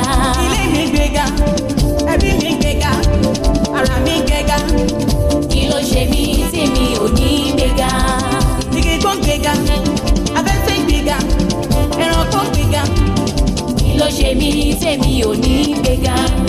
gbéga. ilé mi gbéga ẹbí mi gbéga ara mi gbéga. kí ló ṣe mí tí mi ò ní gbéga. igi tó gbéga afẹ́fẹ́ gbéga ẹranko gbéga. kí ló ṣe mí tí mi ò ní gbéga.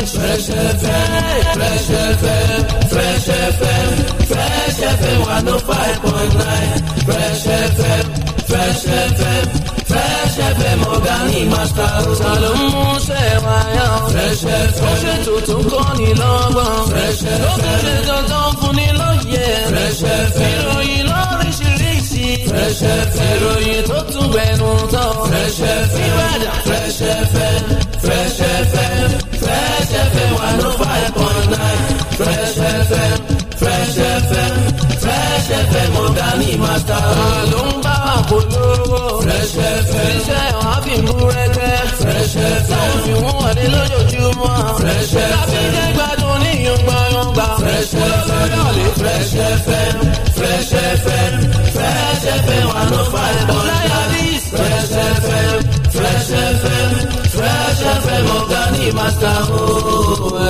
Fresh FM, Fresh FM, Fresh FM, Fresh FM, 105.9. Fresh FM, Fresh FM, Fresh FM, ọ̀gá Master, màtà. Sàlọ̀ mú sẹ́wà yá. Fresh FM, ó ṣe tuntun kọ́ ni Fresh FM, lókè ṣe dandan fún ni Fresh FM, ìròyìn lóríṣiríṣi. Fresh FM, ìròyìn tó tún gbẹnu tán. Fresh FM, Fresh FM, Fresh FM. Fresh FM one oh five point nine Fresh FM Fresh FM Fresh FM ọ̀gá ni màtá. ló ń bá wa polówó. Fresh FM iṣẹ́ wọn á fi mú rẹ́gẹ́. Fresh FM táwọn fi wọ́n wọlé lójoojúmọ́. Fresh FM láti jẹ́ gbádùn ní yọ̀ngbọ̀nyọ̀ngbà. Fresh FM Fresh FM Fresh FM Fresh FM one oh five point nine Fresh FM. Fresh FM, Fresh FM ọ̀gá ní màtà ó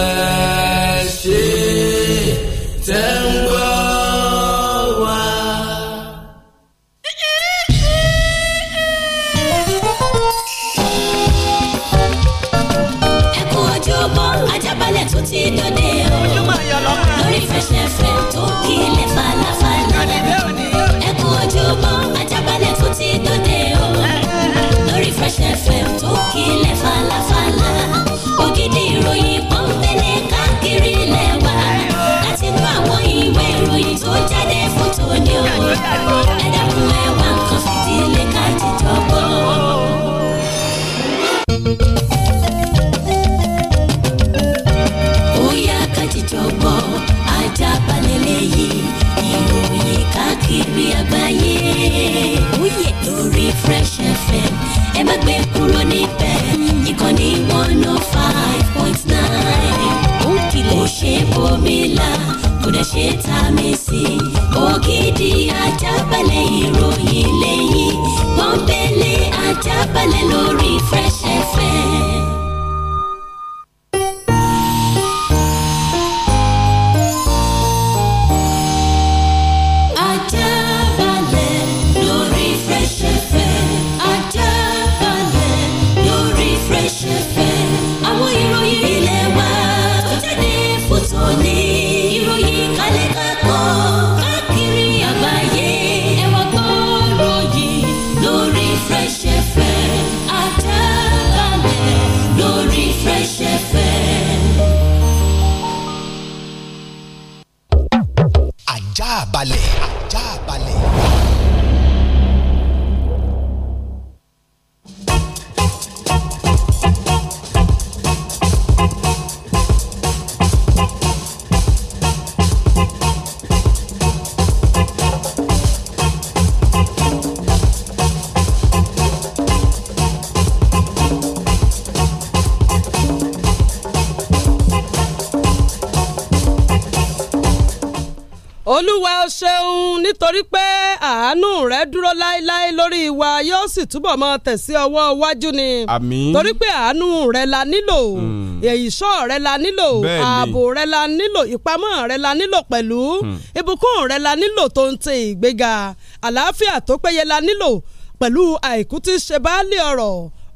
ẹ̀ ṣe ilẹ̀ falafala ògidì ìròyìn kan fẹ́lẹ̀ káàkiri ilẹ̀ wa láti nú àwọn ìwé ìròyìn kódà ṣe tá a mi sí. ògidì ajábalẹ̀ ìròyìn lẹ́yìn pọ́npẹ́lẹ́ ajábalẹ̀ lórí Fresh FM. sì túbọ̀ máa tẹ̀sí ọwọ́ iwájú ni àmín torí pé àánú rẹ la nílò hmm. ìṣọ́ rẹ la nílò ààbò rẹ la nílò ìpamọ́ rẹ la nílò pẹ̀lú hmm. ìbùkún rẹ la nílò tó ń ti ìgbéga àlàáfíà tó péye la nílò pẹ̀lú àìkú tí ṣe baálé ọ̀rọ̀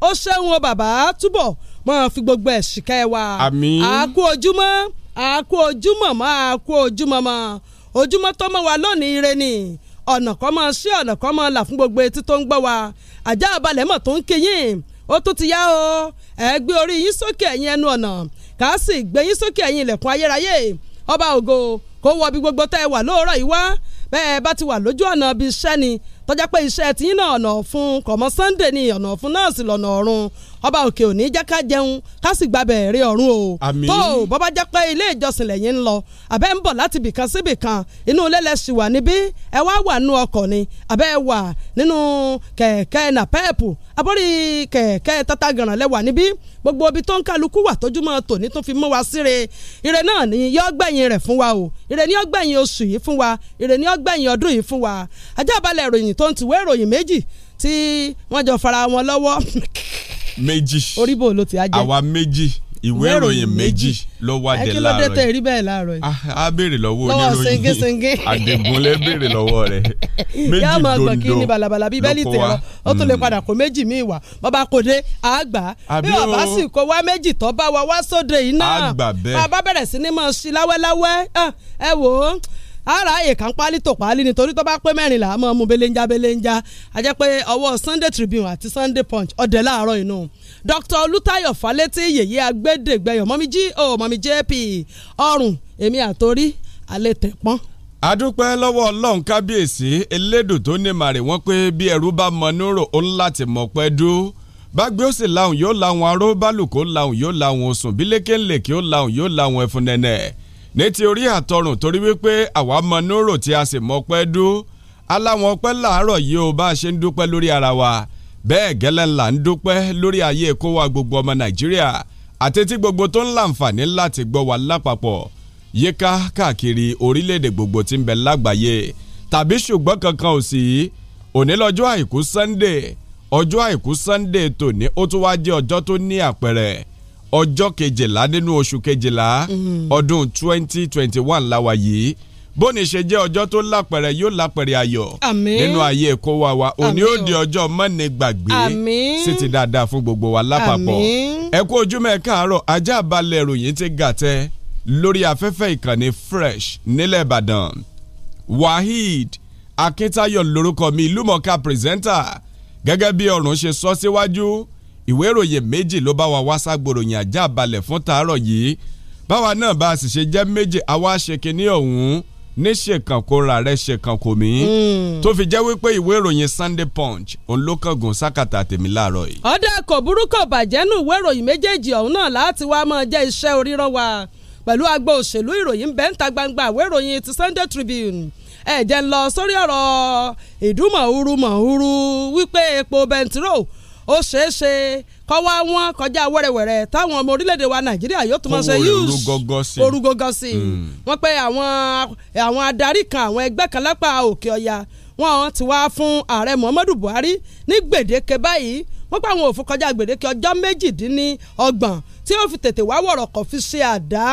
ó ṣeun bàbá túbọ̀ máa fi gbogbo ẹ̀ ṣìkẹ́ wa àmín àákú ojúmọ́ àákú ojúmọ́ máa àákú ojúmọ́ mọ́ ojúmọ́ tó mọ́ wa lónìí ire ni ọ̀nà kọ́ mọ́ sí ọ̀nà kọ́ mọ́ là fún gbogbo etí tó ń gbọ́ wa àjà àbálẹ̀ mọ̀ tó ń kéyìn ó tún ti yá o ẹ gbé orí yín sókè ẹ̀yin ẹnu ọ̀nà kà á sì gbé yín sókè ẹ̀yin ilẹ̀kùn ayérayé ọba ògo kó wọ bí gbogbo tẹ́ ẹ wà lóòrọ̀ yìí wá bẹ́ẹ̀ bá ti wà lójú ọ̀nà bíi iṣẹ́ ni tọ́já pé iṣẹ́ tiyín náà ọ̀nà ọ̀fun kọ̀mọ́ Sunday ni ọ̀nà ọ̀fun náà sì lọ́nà ọ̀run ọba òkè òní jẹ́ ká jẹun ká sì gbàbẹ̀ rí ọ̀run o. àmín tó o bọ́bá jẹ́ pé ilé ìjọsìn lẹ́yìn ń lọ àbẹ́ ń bọ̀ láti bìkan sí bìkan inú ilé lẹ́sì wà níbí ẹ wá wà nínú ọkọ̀ ni àbẹ́ wà nínú kẹ̀kẹ́ nàpẹ́ẹ̀pù abọ́rí kẹ̀kẹ́ tata gànràn lẹ́wà níbí gbogbo ibi tó ń kálukú wà tójúmọ́ tòní tó fi mú wa síre ire náà ni yọ́ gbẹ̀yìn rẹ̀ fún wa o ire ni yọ́ gbẹ̀yìn oṣù yìí fún wa ire ni yọ́ gbẹ̀yìn ọdún yìí fún wa ajá balẹ̀ ìròyìn tó ń tìwé ìròyìn méjì tí wọ́n jọ fara wọn lọ́wọ́ méjì oríbó ló ti á jẹ́ àwa méjì ìwé ìròyìn méjì ló wá dé láàárọ̀ yìí. ẹ kí ló dé tẹ̀ rí bẹ́ẹ̀ láàárọ̀ yìí. a ah, béèrè lọ́wọ́ oníròyìn lọ́wọ́ sengésengé. àdègúnlé béèrè lọ́wọ́ rẹ̀ méjì dondo yóò máa gbọ̀n kí ni balabala bíi bẹ́ẹ̀lì tẹ̀ ọ́ ó tún lè hmm. padà kó méjì míì wá bàbá kò dé àgbà bí bàbá sì kó wá méjì tó bá wa wá sóde yìí náà àgbà bẹ́ẹ̀ bàbá bẹ̀rẹ̀ sí ni máa ṣí láwẹ́láwẹ́ ah, ẹ wò ó ara ìkà ń pálí tó pálí nítorí tó bá pé mẹ́rìnlá mọ́ mu belenja belenja a jẹ́ pé ọwọ́ Sunday Tribune àti Sunday Punch ọ̀dẹ̀ láàárọ̀ inú Dr. Olùtayọ̀ Fálétí yèyé agbẹ́dẹ̀gbẹ́yọ̀ mọ́mí jí o mọ́mí JP ọrùn èmi àtórí alẹ́ tẹ̀ pọ́n adúpẹ́ lọ́wọ́ ọlọ́run kábíyèsí elédùn tó ní màrè wọ́n pé bí ẹrú bá mọ nírò ó ń láti mọ̀ pẹ́ dú bágbé ó sì lahùn yóò lahùn aró bálùkó lahùn yóò lahùn osùn bílékèlèkè ó lahùn yóò lahùn ẹfun nẹ̀nẹ̀ ní ti orí àtọrùn torí wípé àwa mọ nóró tí a sì mọ pẹ́ dú aláwọn ọpẹ́ làárọ̀ yìí ó bá a ṣe ń dúpẹ́ lórí ara wa bẹ́ẹ̀ gẹ́lẹ́ là ń dúpẹ́ lórí ayé kó wa gbogbo ọmọ nàìjíríà àti tí gbogbo tó ń láǹfààní láti gbọ́ wa lápapọ̀ yíká káàkiri orílẹ̀-èdè gbogbo tí ń bẹ lágbàáyé tàbí ṣùgbọ́n kankan ò sí òní lọ́jọ́ àìkú Sunday ọjọ́ àìkú Sunday tòní ó tún wá jẹ́ ọjọ́ tó ní àpẹẹrẹ ọjọ́ kejìlá nínú oṣù kejìlá mhm. ọdún twenty twenty one la wà yìí bóni ṣe jẹ́ ọjọ́ tó lápẹ̀rẹ̀ yóò lápẹ̀rẹ̀ ayọ̀ nínú ayé kó wa wa òní ó di ọjọ́ mọ́ni gbàgbé sí ti dáadáa fún gbogbo wa lápapọ̀ ẹ kú ojú mẹ́ẹ̀ká àárọ̀ ajá balẹ̀ ìròyìn ti gàtẹ́ lórí afẹ́fẹ́ ìkànnì fresh nílẹ̀ ìbàdàn waheed akíntayọ̀ lórúkọ mi ìlúmọ̀ọ́ká pírẹsẹ́ńtà gẹ́gẹ́ bí ọ̀run ṣe sọ síwájú. Si ìwé ìròyìn méjì ló bá wa wá ságbòròyìn ajá balẹ̀ fún tàárọ̀ yìí báwa náà bá a sì ṣe jẹ́ méjì àwa ṣèkínní ọ̀hún ní ṣèkànkó ra rẹ ṣèkànkó mi hmm. tó fi jẹ́ wípé ìwé ìròyìn Sunday Punch òun ló kángun sákàtà tèmi láàárọ̀ yìí. ọ̀dà kò burúkú bàjẹ́ nù ìwé ìròyìn méjèèjì ọ̀hún náà láti wá máa jẹ́ iṣẹ́ oríran wa pẹ̀lú agbo òṣèlú ìròyìn bẹ́ńtà gbangba ìwé ìròyìn ti Sunday Tribune ẹ̀jẹ̀ ń lọ sórí ọ̀rọ̀ ìdúmọ̀húrú mọ̀húrú wípé epo bẹntiró ó ṣeé ṣe kọ́wá wọn kọjá wẹ́rẹ́wẹ́rẹ́ táwọn ọmọ orílẹ̀-èdè wa nàìjíríà yóò tún mọ̀ ṣe use ooru gọ́gọ́ sí i hmm. wọ́n pé àwọn adarí kan àwọn ẹgbẹ́ kan lápá òkè ọ̀yà wọn ti wá fún ààrẹ muhammadu buhari ní gbèdéke báyìí wọ́n pa àwọn òfin kọjá gbèdéke ọjọ́ méjìdínlọ́gbọ̀n tí ó fi tètè wá wọ̀rọ̀kọ̀ fi ṣe àdá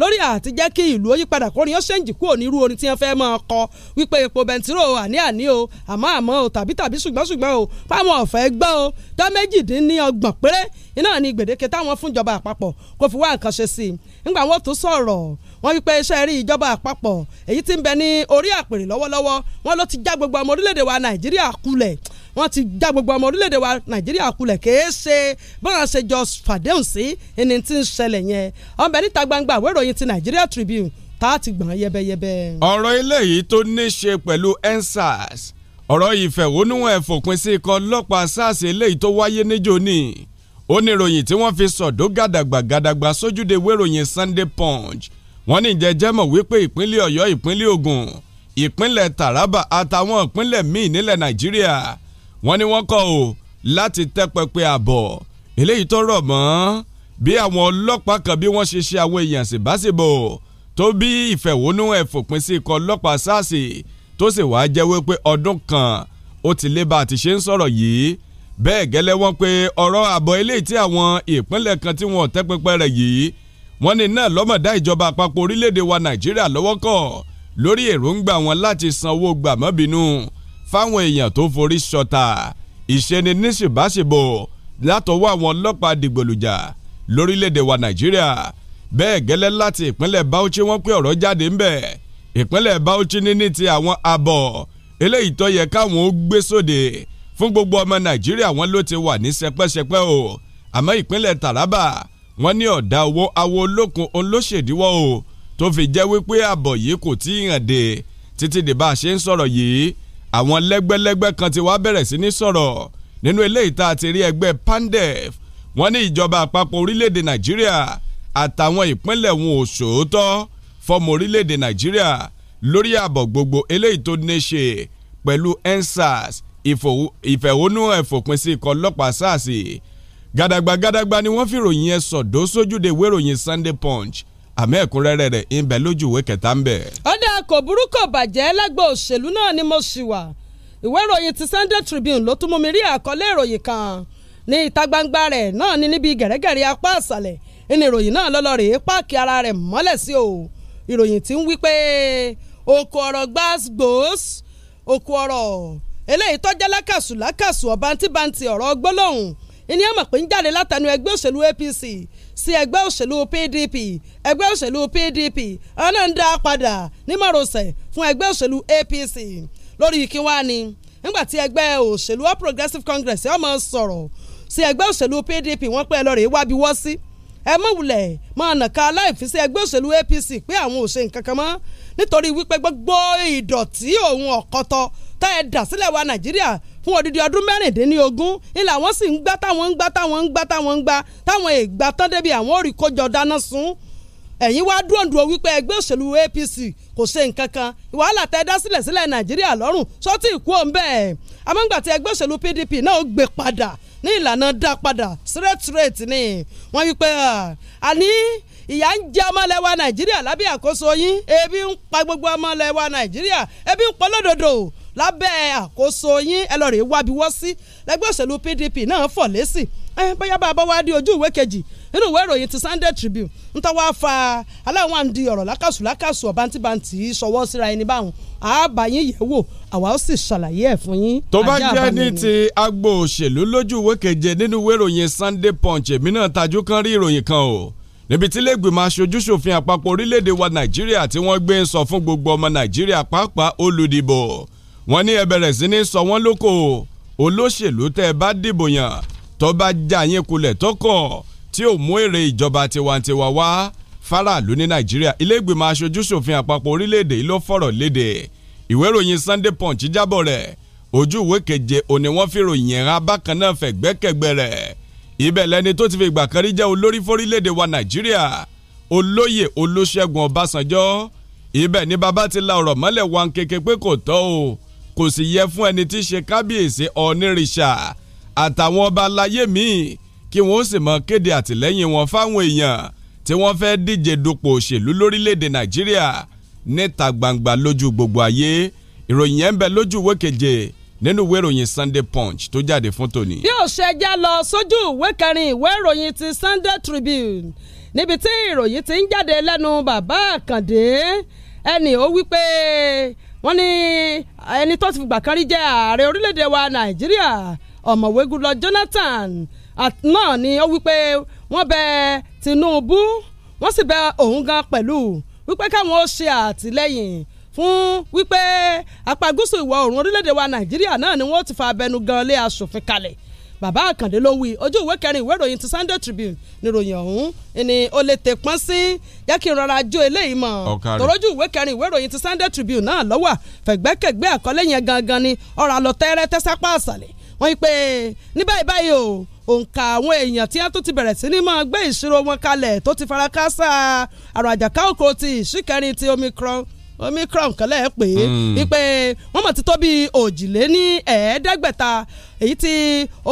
lórí àti jẹ́ kí ìlú oyípadà kọrin ó ṣèǹjì kúrò ní irú orin tí wọ́n fẹ́ máa kọ wípé epo bẹntiró àní àní o àmọ́ àmọ́ o tàbí tàbí ṣùgbọ́n ṣùgbọ́n o páwọn ọ̀fẹ́ gbọ́ o tó méjìdínlọ́gbọ̀n péré iná ni gbèdéke táwọn fúnjọba àpapọ̀ kò fi wá nǹkan ṣe sí i ńgbà wọn tó sọ̀rọ̀ wọ́n wípé iṣẹ́ rí ìjọba àpapọ̀ èyí tí ń bẹ ní orí àpèrè lọ́wọ́lọ́wọ́ wọn ló ti já gbogbo ọmọ orílẹ̀-èdè wa Nàìjíríà kulẹ̀ wọ́n ti já gbogbo ọmọ orílẹ̀-èdè wa nàìjíríà kulẹ̀ kéése bọ́n ṣe jọ fàdéhùn sí ẹni tí ń ṣẹlẹ̀ yẹn ọmọ ẹ̀ níta gbangba àwọn ìròyìn ti Nigeria Tribune tá a ti gbọ̀n yẹbẹyẹbẹ. ọ̀rọ̀ eléyìí tó ní ṣe pẹ̀lú EndSARS ọ̀rọ̀ ìfẹ̀hónúhàn ẹ̀fòpin sí ikọ̀ ọlọ́pàá SARS eléyìí tó wáyé níjó ní oníròyìn tí wọ́n fi sọ̀dọ̀ gàdàgbà gàdàgbà sójúde wéròyìn Sunday Punch wọ́n ní jẹjẹ́ mọ̀ wípé ìpínlẹ̀ Ọ̀yọ́ ìpínlẹ̀ Ògùn ìpínlẹ̀ Taraba àtàwọn ìpínlẹ̀ míì nílẹ̀ Nàìjíríà wọ́n ní wọ́n kọ̀ o láti tẹ́pẹpẹ àbọ̀ eléyìí tó rọ̀ mọ́ bí àwọn ọlọ́pàá kan bí wọ́n ṣe ṣe àwọn èèyàn ṣèbáṣebọ̀ tó bí ìfẹ̀hónú ẹ̀ fòpin sí ikọ̀ ọlọ́pàá sars tó sì wáá jẹ́ wípé ọdún kan ó ti lé bá a ti ṣe ń sọ̀rọ̀ yìí bẹ́ẹ̀ gẹ́lẹ́ wọ́n pé ọ̀rọ̀ àbọ̀ eléyìí tí àwọn ìpínlẹ̀ kan tí wọ́n tẹ́pẹpẹ rẹ̀ yìí wọ́n ní náà lọ́mọ̀dá ìjọba àpapọ̀ orílẹ̀-èdè wa Nàìjíríà lọ́wọ́ kọ̀ lórí èròǹgbà wọn láti sanwó gbàmọ́bínú fáwọn èèyàn tó forí sọta ìṣeni níṣìbáṣìbò látọwọ́ àwọn ọlọ́pàá dìgbòlùjà lórílẹ̀‐èdè wa nàìjíríà bẹ́ẹ̀ gẹ́lẹ́ láti ìpínlẹ̀ Bauchi wọ́n pé ọ̀rọ̀ jáde ńbẹ̀ ìpínlẹ̀ Bauchi ní ní ti àwọn àbọ̀ eléyìí tó yẹ káwọn ó gbé sóde fún gbogbo ọmọ nàìjíríà wọn ló ti wà ní sẹpẹ́sẹpẹ́ o àmọ́ ìpínlẹ̀ Taraba wọ́n ní ọ̀dà owó awo olókun olóṣèdíwọ́ o tó fi jẹ́ wípé àbọ̀ yìí kò tí ì hàn dé títí dìbà ṣe ń sọ̀rọ̀ yìí àwọn lẹ́gbẹ́lẹ́gbẹ́ kan ti wá bẹ̀rẹ̀ sí ní sọ̀rọ̀ nínú ilé ìta àti rí ẹgbẹ́ pandef wọ́n ní ìjọba àpapọ̀ orílẹ̀-èdè nàìjíríà àtàwọn ìpínlẹ̀ wọn ò ṣòótọ́ fọmọ orílẹ̀-èdè nàìjíríà lórí ààbọ̀ gbogbo eléyìí tó ní ṣe pẹ̀lú ensars ìfẹ̀hónú ẹ̀fòpin sí ikọ̀ ọlọ́pàá sars gàdàgbà gàdàgbà ni wọ́n fi ròyìn ẹ̀ sọ̀dọ́ sójúde ìwé ìròyìn Sunday Punch àmọ́ ẹ̀kúnrẹ́rẹ́ rẹ̀ ń bẹ lójú ìwé kẹta ń bẹ. ọ̀dà kò burú kò bàjẹ́ lágbo òṣèlú náà ni mo ṣì wà ìwé ìròyìn ti Sunday Tribune ló tún mú mi rí àkọlé ìròyìn kan ní ìta gbangba rẹ̀ náà ni níbi gẹ̀rẹ́gẹ̀rẹ́ apá àṣàlẹ̀ ní ìròyìn náà lọ́lọ́ rèé páàkì ara rẹ̀ mọ́lẹ̀ sí o ìròyìn tí ń wí pé oko ọ̀rọ̀ gbàgbós oko ọ̀rọ̀ eléyìí tọ́jà lákàsù lákàsù ọ̀bántíbántí ọ̀rọ̀ gbólóhùn ìní àmọ̀ pé ń jáde látànú ẹgbẹ́ òṣèlú APC sí ẹgbẹ́ òṣèlú PDP ẹgbẹ́ òṣèlú PDP ọ̀nà ń dá padà nímọ̀rọ̀sẹ̀ fún ẹgbẹ́ òṣèlú APC lórí kí wá ni nígbà tí ẹgbẹ́ òṣèlú All Progressives Congress ọmọ sọ̀rọ̀ sí ẹgbẹ́ òṣèlú PDP wọ́n pẹ́ lọ́rẹ̀ wábi wọ́ sí ẹ mọ̀ wulẹ̀ máa nàka aláìfín sí ẹgbẹ́ òṣèlú APC pé àwọn ò ṣe nǹkan kan mọ́ nítorí wípé gbogbo ìdọ̀tí òun ọ̀kọ́tọ̀ tá ẹ dà sílẹ̀ wa Nàìjíríà fún odidi ọdún mẹ́rìndínlógún ilà wọ́n sì ń gbá táwọn ń gbá táwọn ń gbá táwọn ń gbá táwọn ìgbà tán débi àwọn ò rí kójọ dáná sun ẹ̀yin wá dúró dúró wípé ẹgbẹ́ òṣèlú APC kò ṣe nǹkan kan wàhálà tẹ́ dá sílẹ̀ sílẹ̀ Nàìjíríà lọ́rùn sọ́tì ìkú òun bẹ́ẹ̀ amóńgbàtí ẹgbẹ́ òṣèlú PDP náà gbé padà ní ìlànà dá padà straight straight ni wọ́n wípé àní ìyà ń jẹ ọmọlẹ́wà Nàìjíríà lábẹ́ àkóso yín ebi ń pa gbogbo ọmọlẹ́wà Nàìjíríà ebi ń pọ̀ lódodo lábẹ́ àkóso yín ẹ lọ́ọ́ rè wábi wọ́ sí lẹ́gbẹ́ òṣèlú PDP náà fọ̀ lẹ́sì bóyá bá a bá wá di ojú ìwé kejì nínú ìwé ìròyìn ti Sunday Tribune ń tọ́ wá fa aláwọn àǹdí ọ̀rọ̀ lákàsù lákàsù ọ̀bántíbántì sọwọ́ síra ẹni báwọn àbá yín yẹ̀ wò àwa ó sì ṣàlàyé ẹ̀ fún yín. tó bá jẹ́ ní ti agbo òṣèlú lójú ìwé keje nínú ìwé ìròyìn Sunday Punch èmi náà tajú kan rí ìròyìn kan o níbi tí lẹ́gbìmọ̀ aṣojúṣòfin àpapọ̀ orílẹ̀-èdè wa Nàìjíríà tí wọ́n gbé ń sọ fún gbogbo ọmọ Nàìjíríà pàápàá olùdìbò wọ́n ní ẹ bẹ̀rẹ̀ sí ní sọ wọ́n lóko olóṣèlú tẹ́ ẹ bá dìbò yàn tó bá já yín kulẹ̀ tọkọ̀ tí ò mú èrè ìjọba tiwantiwa wá faraàlú ní nàìjíríà ilé aṣojú-ṣòfin àpapọ̀ orílẹ̀-èdè ló fọ̀rọ̀ léde ìwé ìròyìn Sunday Punch jábọ̀ rẹ̀ ojú ìwé keje òní wọ́n fi ròyìn ẹ̀rọ abákan náà fẹ̀gbẹ́kẹ̀gbẹ́ rẹ̀ ibẹ̀ lẹni tó ti fi ìgbà kan rí jẹ́ olórí fórílẹ̀-èdè wa nàìjíríà olóyè olóṣègùn ọbásanjọ́ ibẹ̀ ni bàbá ti la ọ̀rọ̀ mọ́lẹ̀ wọn kéke pé kò tọ́ o kò sì yẹ fún ẹni tí í ṣe kábíyèsí ọ̀nìrìṣà àtàwọn ọba aláyé míì kí wọ́n sì mọ kéde àtìlẹ́yìn wọn fáwọn èèyàn tí wọ́n fẹ́ díje dupò òṣèlú lórílẹ̀‐èdè nàìjíríà níta gbangba lójú gbogbo ayé ìròyìn yẹn ń bẹ lójú ìwé keje nínú ìwé ìròyìn Sunday Punch tó jáde fún tòní. bí òṣèjà lọ sójú ìwé kẹrin ìwé ìròyìn ti Sunday Tribune níbi tí ìròyìn ti ń jáde lẹ́nu bàbá àkàndé ẹnì ó wí pé wọ́n ní ẹni tó ti fìgbà kan rí jẹ́ ààrẹ orílẹ̀-èdè wa nàìjíríà ọ̀mọ̀wé goodluck jonathan náà ni ó wí pé wọ́n bẹ tinubu wọ́n sì bẹ òun gan pẹ̀lú wípé káwọn ó ṣe àtìlẹ́yìn fún wípé apá gúúsù ìwọ̀ oòrùn orílẹ̀-èdè wa nàìjíríà náà ni wọ́n ti fa abẹnugan lé aṣòfin kalẹ̀ bàbá àkàndé ló wí ojú ìwé kẹrin ìwé ìròyìn ti Sunday Tribune níròyìn ọ̀hún ni o lè tè pọ́n sí jẹ́ kí n rọra jó eléyìí mọ̀ tòrójú ìwé kẹrin ìwé ìròyìn ti Sunday Tribune náà lọ́wọ́ fẹ̀gbẹ́kẹ̀gbẹ́ àkọlé yẹn gangan ni ọ̀rọ̀ àlọ́ tẹ́rẹ́ tẹ́sápá àṣàlẹ̀ wọ́n yí pé ní báyìí báyìí o òǹkà àwọn èèyàn tí wọ́n tún ti bẹ̀rẹ̀ sí ní máa gbé ìṣirò wọn kalẹ̀ tó ti farakásá àrùn àjàká òkò ti ìṣíkẹrin ti Omicron omicron kan lẹ́ẹ̀ pé hmm. wípé wọ́n mọ̀ ti tó bí òjìlé ní ẹ̀ẹ́dẹ́gbẹ̀ta èyí tí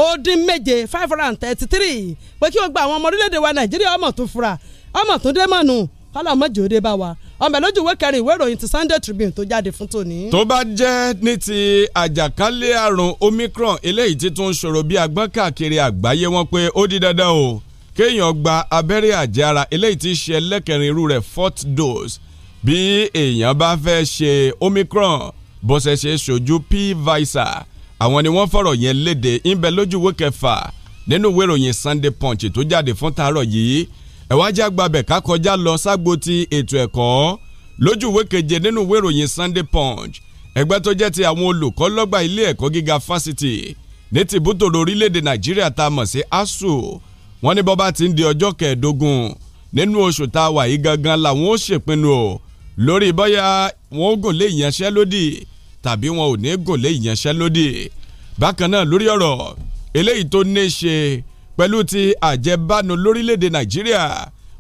ó dín méje five hundred and thirty three pé kí wọ́n gba àwọn ọmọ orílẹ̀-èdè wa nàìjíríà ọmọ tó fura ọmọ tó dé mọ̀nù kọ́lá mọ́jì òde bá wa ọmọ lójú ìwé kẹrin ìwé ìròyìn ti Sunday Tribune tó jáde fún tòní. tó bá jẹ́ ní ti àjàkálẹ̀ àrùn omicron eléyìí ti tún ṣòro bí agbọ́n káàkiri àgbáyé wọn pé ó di dandan o kéèyàn gba abẹ́rẹ́ àjẹára eléyìí ti ṣe ẹlẹ́kẹrin irú rẹ̀ fourth dose bí èèyàn bá fẹ́ ṣe omicron bó ṣe ṣe ṣojú pfizer àwọn ni wọ́n fọ̀rọ̀ yẹn léde ńbẹ lójú ìwé kẹfà nínú ìwé ìròyìn Sunday Punch tó jáde fún taarọ̀ yìí ẹ̀wájú àgbàbẹ̀ ká kọjá lọ ságbo ti ètò ẹ̀kọ́ lójú ìwé keje nínú ìwé Sunday Punch ẹgbẹ́ tó jẹ́ ti àwọn olùkọ́ lọ́gbà ilé ẹ̀kọ́ gíga fásitì ní tìbútòrò orílẹ̀-èdè Nàìjíríà tá a mọ̀ sí ASUU wọ́n ní bọ́bá ti ń di ọjọ́ kẹẹ̀ẹ́dógún nínú oṣù tá a wà yìí gangan làwọn ó ṣèpinnu o lórí bọ́yá wọn ó gùn lé ìyanṣẹ́lódì tàbí wọn ò ní gùn lé ìyanṣẹ́lódì bákan náà lórí ọ̀rọ̀ eléyìí tó ní í ṣe pẹ̀lú ti àjẹbánu lórílẹ̀‐èdè nàìjíríà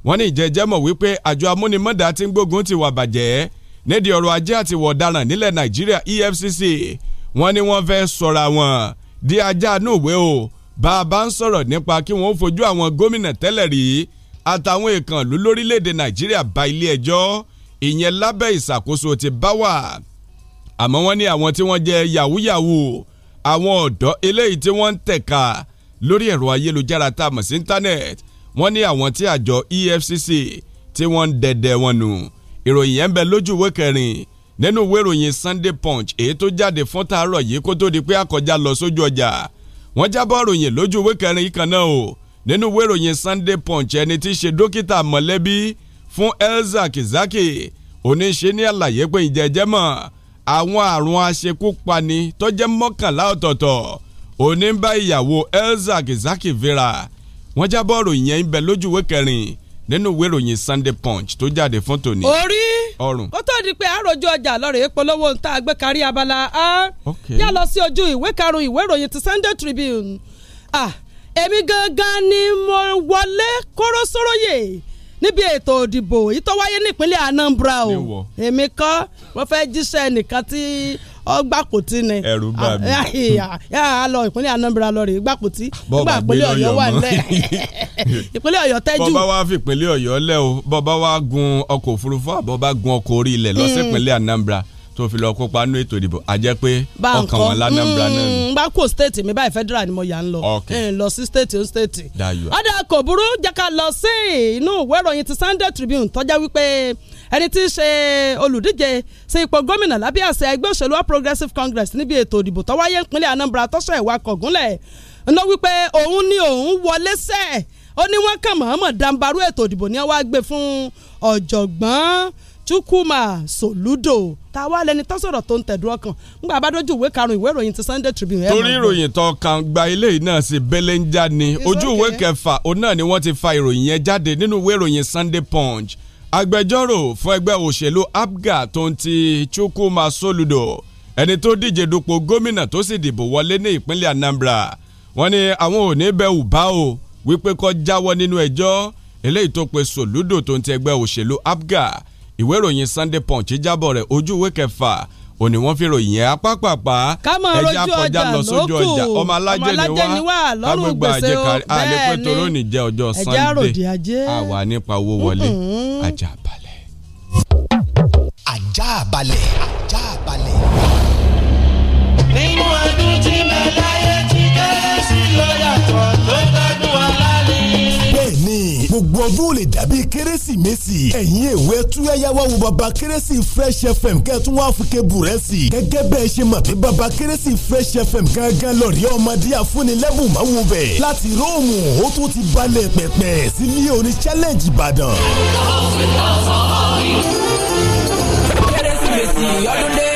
wọ́n ní ìjẹ́jẹ́ mọ̀ wípé àjọ amúnimọ́dà tí ń gbógun ti wà bàjẹ́ nídìí ọrọ̀ ajé àti wọ̀daràn nílẹ̀ nàìjíríà EFCC wọ́n ní wọ́n fẹ́ sọ̀rọ̀ àwọn di ajá núwé o bá a bá ń sọ̀rọ̀ nípa kí wọ́n fojú àwọn gómìnà tẹ́lẹ̀ rí àtàwọn èèkàn lórílẹ̀‐èdè nàìjíríà ba ilé ẹjọ́ ìyẹn lábẹ́ ìṣàkóso ti bá wà àmọ́ wọ́n ní àwọn tí wọ́n jẹ́ yàwúyàwó àwọn ọ̀dọ́ eléyìí tí wọ́n ń tẹ̀ka lórí ẹ̀rọ ayélujára tá a mọ̀ sí íńtánẹ́ẹ̀tì wọ́n ní àwọn tí àjọ EFCC tí wọ́n ń dẹ̀dẹ̀ wọn nù ìròyìn yẹn ń bẹ lójú ìwé kẹrin nínú ìwé ìròyìn Sunday Punch èyí tó jáde fún tàárọ̀ yìí kó tó di pé àkọjá lọ sójú ọjà wọ́n jábọ̀ ròyìn lójú ìwé kẹrin kan náà o nínú ìwé ìròyìn Sunday Punch ẹni tí í ṣe dókítà mọ̀lẹ́bí fún elza kizaki oníṣe ní àlàyé pé ìjẹ́jẹ́ mọ̀ àwọn àrùn aṣekúpani tó jẹ́ mọ́kànlá ọ̀tọ̀ọ̀tọ̀ òní bá ìyàwó elza kizaki vera wọ́n jábọ̀ ròyìn yẹn ń bẹ lójúwé kẹrin nínú ìwé ìròyìn Sunday Punch tó jáde fún tòní. orí ọrùn kó tó di pé àròjọ ọjà lọ́rọ̀ ìpolówó ń ta àgbékarí abala a yá lọ sí ojú ìwé karùn ìwé ìròyìn ti Sunday Tribune èmi gangan ni mo wọlé kóró sóróyè níbi ètò òdìbò yìí tó wáyé nípínlẹ̀ Anambra o èmi kọ́ wọ́n fẹ́ jíṣẹ́ nìkan tí ọgbàpótí ni ẹ̀rù bà mí ah, yàrá lọ ìpínlẹ̀ Anambra lọ rè gbàpótí nígbà ìpínlẹ̀ Ọ̀yọ́ wà lẹ̀ ìpínlẹ̀ Ọ̀yọ́ tẹ́jú. bọ́ba wa fi ìpínlẹ̀ Ọ̀yọ́ lẹ̀ o bọ́ba wa gun ọkọ̀ òfurufú àbọ̀ba gun ọkọ̀ orí ilẹ̀ lọ sí mm. ìpínlẹ̀ Anambra tó fi lọ kópa nínú ètò ìdìbò a jẹ́ pé ọkàn wọn lánàbra náà ni. Mm, bá kó stéètì mi báyìí federal ni mo yà ń lọ lọ sí stéètì ó stéètì. ọ̀dà kò burú jẹ́ka lọ sí inú ìwé ìròyìn ti Sunday Tribune tọ́já wípé ẹni tí í ṣe olùdíje sí ipò gómìnà lábẹ́ àṣẹ ẹgbẹ́ òṣèlú All progressive Congress níbi ètò ìdìbò tó wáyé ìpínlẹ̀ Anambra tọ́ṣọ̀ ìwà kọ̀gúnlẹ̀ ńlọ wípé òun ni òun wọlé sẹ́ẹ̀ ó ní wọ́n kàn mọ̀ọ́mọ̀ dambarú ètò ìdìbò ni wọ́n wá gbé fún ọ̀jọ̀gbọ́n chukwuma soludo tá a wá lẹni tó sọ̀rọ̀ tó ń tẹ̀dùn ọkàn nígbà bá ìwé karùn-ún ìwé ìròyìn ti Sunday Tribune. torí ìròyìn tó kan gba ilé yìí náà sí belenja ni ojú ìwé kẹfà òun náà ni wọ́n ti fa ìròyìn yẹn jáde nínú ìwé ìròyìn Sunday Punch agbẹjọ́rò fún ẹgbẹ́ òṣèlú abga tó ń ti chukwuma soludo ẹni tó díje dupò gómìnà tó sì dìbò wọlé ní ìpínlẹ̀ Anambra wọ́n ní àwọn ò ní bẹ́ẹ̀ ù bá o wípé kó jáwọ́ nínú ẹjọ́ eléyìí tó pe soludo tó ń ti ẹgbẹ́ òṣèlú APGA ìwé ìròyìn Sunday Punch jábọ̀ rẹ̀ ojú ìwé kẹfà ò ní wọ́n fi ròyìn ẹ̀ apápàpá ẹja kọjá lọ sójú ọjà ọmọ alájẹ ni wá lágbègbè àjẹkárí àlepẹ tóró ní jẹ ọjọ́ Sunday àwa nípa owó wọlé mm-hmm. ajá balẹ̀. ajá balẹ̀. gbogbo ọdún ò lè dàbí kérésìmesì ẹ̀yin èwe túyáyáwá wo baba kérésì fresh fm kẹ́tún wá fún kébù rẹ̀ sí gẹ́gẹ́ bẹ́ẹ̀ ṣe mọ̀ pé baba kérésì fresh fm gángan lọ́ọ̀rì ọmọdé àfúnilẹ́bùn máa wù bẹ̀ láti róòmù ó tún ti balẹ̀ pẹ̀pẹ̀ sílé orin challenge ìbàdàn. kérésìmesì ọdún dé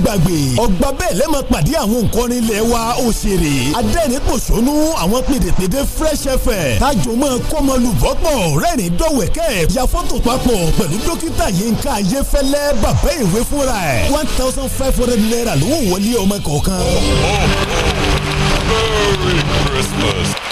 ní ọgbà bẹ́ẹ̀ lẹ́mọ pàdé àwọn nǹkan ilẹ̀ wa òṣèré adẹ́rìnpòṣónú àwọn pèdèpèdè fresh fm tájọmọ́ kọ́mọlúbọ́pọ̀ rẹ́rìn dọ́wẹ̀kẹ́ ya papọ̀ pẹ̀lú dókítà yínká ayéfẹ́lẹ́ bàbá ìwé fúnra ẹ̀ one thousand five hundred naira ló wọlé ọmọ kọ̀ọ̀kan. Merry Christmas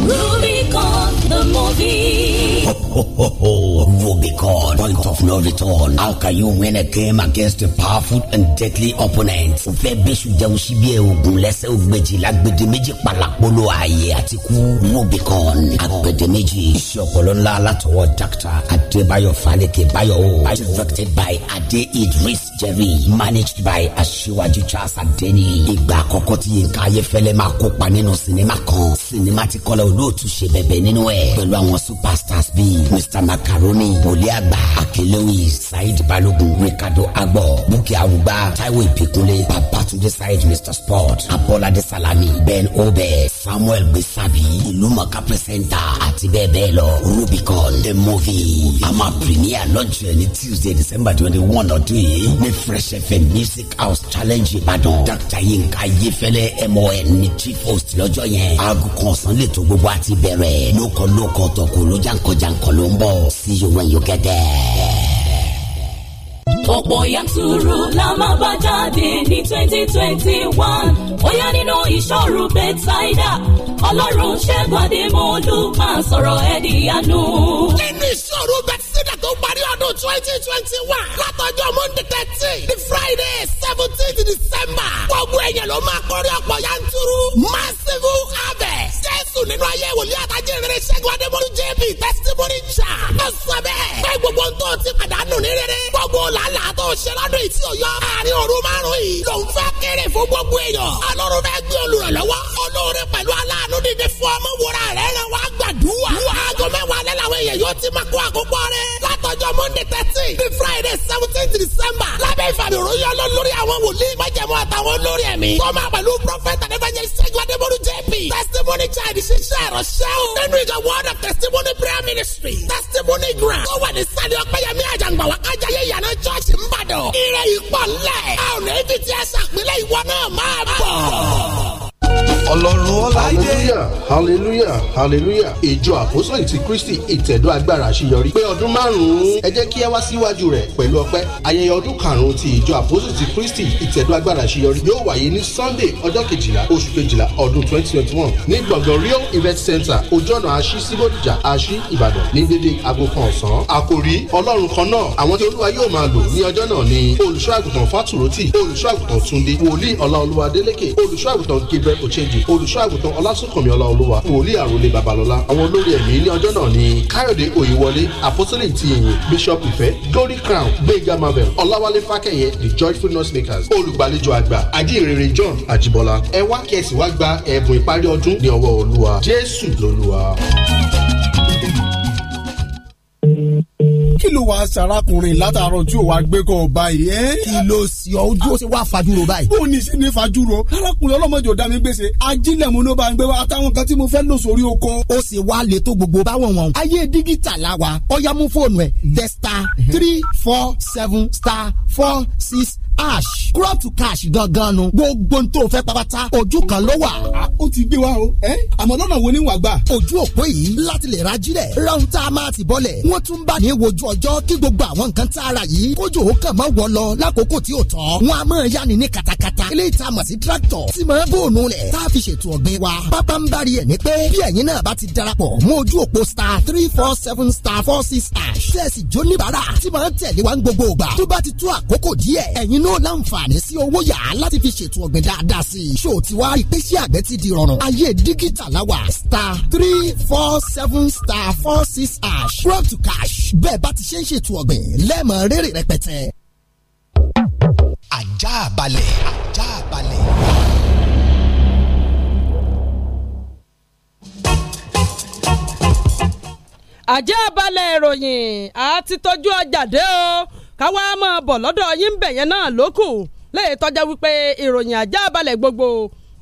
Rubicon the movie. Ho, ho, ho, ho. Rubicon, point of no return. How can you win a game against a powerful and deadly opponent? O fẹ́ bẹ́sù jẹun síbi ẹ̀ ogun lẹ́sẹ̀ ògbèjì lágbèdè méjì palàpolo ààyè àti kú Rubicon. Àgbèdè méjì iṣẹ́ ọpọlọ ńlá látọwọ́ Dr. Adébáyọ̀ Fálékè Báyọ̀ O. Directed by Adé Idris Jerry. Managed by Aṣíwájú Charles Adéni. Ìgbà àkọ́kọ́ tí Yinka Ayéfẹ́lẹ́ máa kópa nínú sinimá kan. Sinimá ti kọ́lẹ̀ olú olóòtú ṣe bẹ̀bẹ̀ nínú ẹ̀ pẹ̀lú àwọn superstars bíi mr macaroni wòlíì àgbà akelewi saheed balogun ricardo agbo bukki arugba taiwo ìpèkúnlé babatunde saheed mr sport abolade salami ben obe samuel gbèsàbí ìlúmọ̀ká pẹ́sẹ́ńtà àti bẹ́ẹ̀ bẹ́ẹ̀ lọ rubicon the movie a máa premier lọ́jọ́ ẹ̀ tuesday december twenty one ọdún yìí ní fresh fm music house challenge ìbàdàn dr yinka yefẹlẹ mon ní chief host lọ́jọ́ yẹn aago kan ọ̀sán lè tó gbogbo wa ti bẹ̀rẹ̀ lóko lóko tọkọ ló jankọ jankọ ló ń bọ̀ see you when you get there. ọ̀pọ̀ yanturu la máa bá jáde ní twenty twenty one bóyá nínú ìṣòro bẹ́tsáìdà ọlọ́run ṣẹ́gun adémọ́lú máa sọ̀rọ̀ ẹ̀dìyànú. nínú ìṣòro bẹ́tsáìdà tó parí ọdún twenty twenty one látọjọ́ monday thirteen ní friday seventeen december gbogbo èèyàn ló máa kórè ọ̀pọ̀ yanturu massive harvest jésù nínú ayé wòlíì àtàjẹrẹrẹ ṣẹ́gun adébólú jp testimony jà lọ sọ bẹ́ẹ̀ pé gbogbo ń tó ti pàdánù ní rere gbogbo làálàá tó ṣe lọ́dún ìtì ọ̀yọ́ àárín òru márùn-ún yìí ló ń fẹ́ kéré fún gbogbo èèyàn ọlọ́run bẹ́ẹ̀ gbé olùrànlọ́wọ́ olóore pẹ̀lú aláàánú dídí fún ọmọ wúrà rẹ̀ rẹ̀ wá gbàdúrà wọ́n aago lọ́jọ́ monday thirteen ní friday seventeen december lábẹ́ ìfàmì òròyìn ọlọ́lórí àwọn wòlíì májẹ̀mú àtàwọn olórí ẹ̀mí tó máa pẹ̀lú prophet and evangelist ṣẹ́gun adébólú jp testimony child ṣiṣẹ́ àròṣẹ́ o nínú ìjọ word of testimony prayer ministry testimony ground tó wà ní sani ọpẹ́yẹmí àjàngbàwá kájàyé ìyànà church ńbàdàn ire ìpọ̀ ńlẹ̀ àwọn èyí ti ti ẹ̀ ṣàpilẹ̀ ìwọ náà máa bọ̀ ọlọ́run ọláìdé. hallelujah hallelujah ìjọ àpòsóyì ti kristi ìtẹ̀dọ́ agbára àṣeyọrí pé ọdún márùn-ún ẹ jẹ́ kí ẹ wá síwájú rẹ̀ pẹ̀lú ọpẹ́ ayẹyẹ ọdún karùn-ún ti ìjọ àpòsóyì ti kristi ìtẹ̀dọ́ agbára àṣeyọrí yóò wáyé ní sunday ọjọ́ kejìlá oṣù kejìlá ọdún twenty twenty one ní gbọ̀ngàn real event center ojú ọ̀nà àṣì síbòdìjà àṣì ìbàdàn ní dédé aago kan ọ̀sán àkòrí ọlọ́run kan náà àwọn tí olúwa yóò máa lò ní ọjọ́ náà ni olùṣọ́ àgùntàn fátúrótì olùṣọ́ àgùntàn túndé wòlíì ọláolúwa délékè olùṣọ́ àgùntàn gabriel ochenji bíi olùṣọ́ àgùntàn ọlásùnkànmí ọláolúwa wòlíì àròlé babalọ́lá àwọn olórí ẹ̀mí ní ọjọ́ náà ni káyọ̀dé òyìnwọlé àpọ́sítélì ti ìyìn bishop ìfẹ́ glory crown gbẹ̀ngà marvel ọláwálé fákẹ́yẹ the joyful noise makers olùgbàlejò àgbà ajínrere john àjíbọ́lá ẹ wá kẹ́sì wá gba ẹ̀bùn ìparí ọdún ní ọwọ́ olúwa jésù lolúwa. kí ló wàá sàrákùnrin látàárọ̀ tí ò wá gbé kọ́ báyìí. kí ló ojú ó sì wá fajúro báyìí. bó ní sí ní fajúro arákùnrin ọlọ́mọdé ò mi gbèsè ajílẹ̀ mo ló bá ń gbé wa àtàwọn kan tí mo fẹ́ lò sórí oko. ó sì wá lè tó gbogbo báwọn wọn. ayé dígítà la wa ọ̀yá fóònù ẹ̀ tẹ star three four seven star four six ash crop to cash gangan nu gbogbo n tó fẹ́ pàpàtà ojú kan ló wà. ó ti gbé wa o ẹ àmọ́ lọ́nà wo ni wàá gbà. ojú òpó yìí láti lè ra jílẹ̀ ráhùn tá a máa ti bọ́lẹ̀ wọ́n tún bá ní wojú ọjọ́ kí gbogbo àwọn nǹkan tá a ra yìí kójú ó kàn máa wọ lọ lákòókò tí ò tọ́ wọn a máa yá ni ní katakata eléyìí tá a mọ̀ sí tractor tí máa bóònù rẹ̀ tá a fi ṣètò ọ̀gbìn wa pápá ń bari ẹ̀ ní pé bí ẹ̀yin náà bá ti darapọ̀ mọ́ ojú òpó star three four seven star four six ash. tẹ̀sí jóníbàárà tí máa ń tẹ̀lé wa ń gbogbo ògbà tó bá ti tó àkókò díẹ̀ ẹ̀yin yóò láǹfààní sí owó yàá láti fi ṣètò ọ̀gbìn dáadáa sí i. ṣó ti wá ìpèsè àgbẹ̀ ti di rọrùn. ayé digital láwà star three four seven star four six ash crop to cash bẹ́ẹ̀ bá ti ṣe ń ṣètò ọ̀gbìn lẹ́ẹ̀mọ rere rẹpẹtẹ. ajá balẹ̀ ajá balẹ̀. àjẹ́ àbálẹ̀ ìròyìn àti tójú ọjà dé o káwá máa bọ̀ lọ́dọ̀ yín bẹ̀ yẹn náà lókù lẹ́yìn tọ́já wípé ìròyìn ajá balẹ̀ gbogbo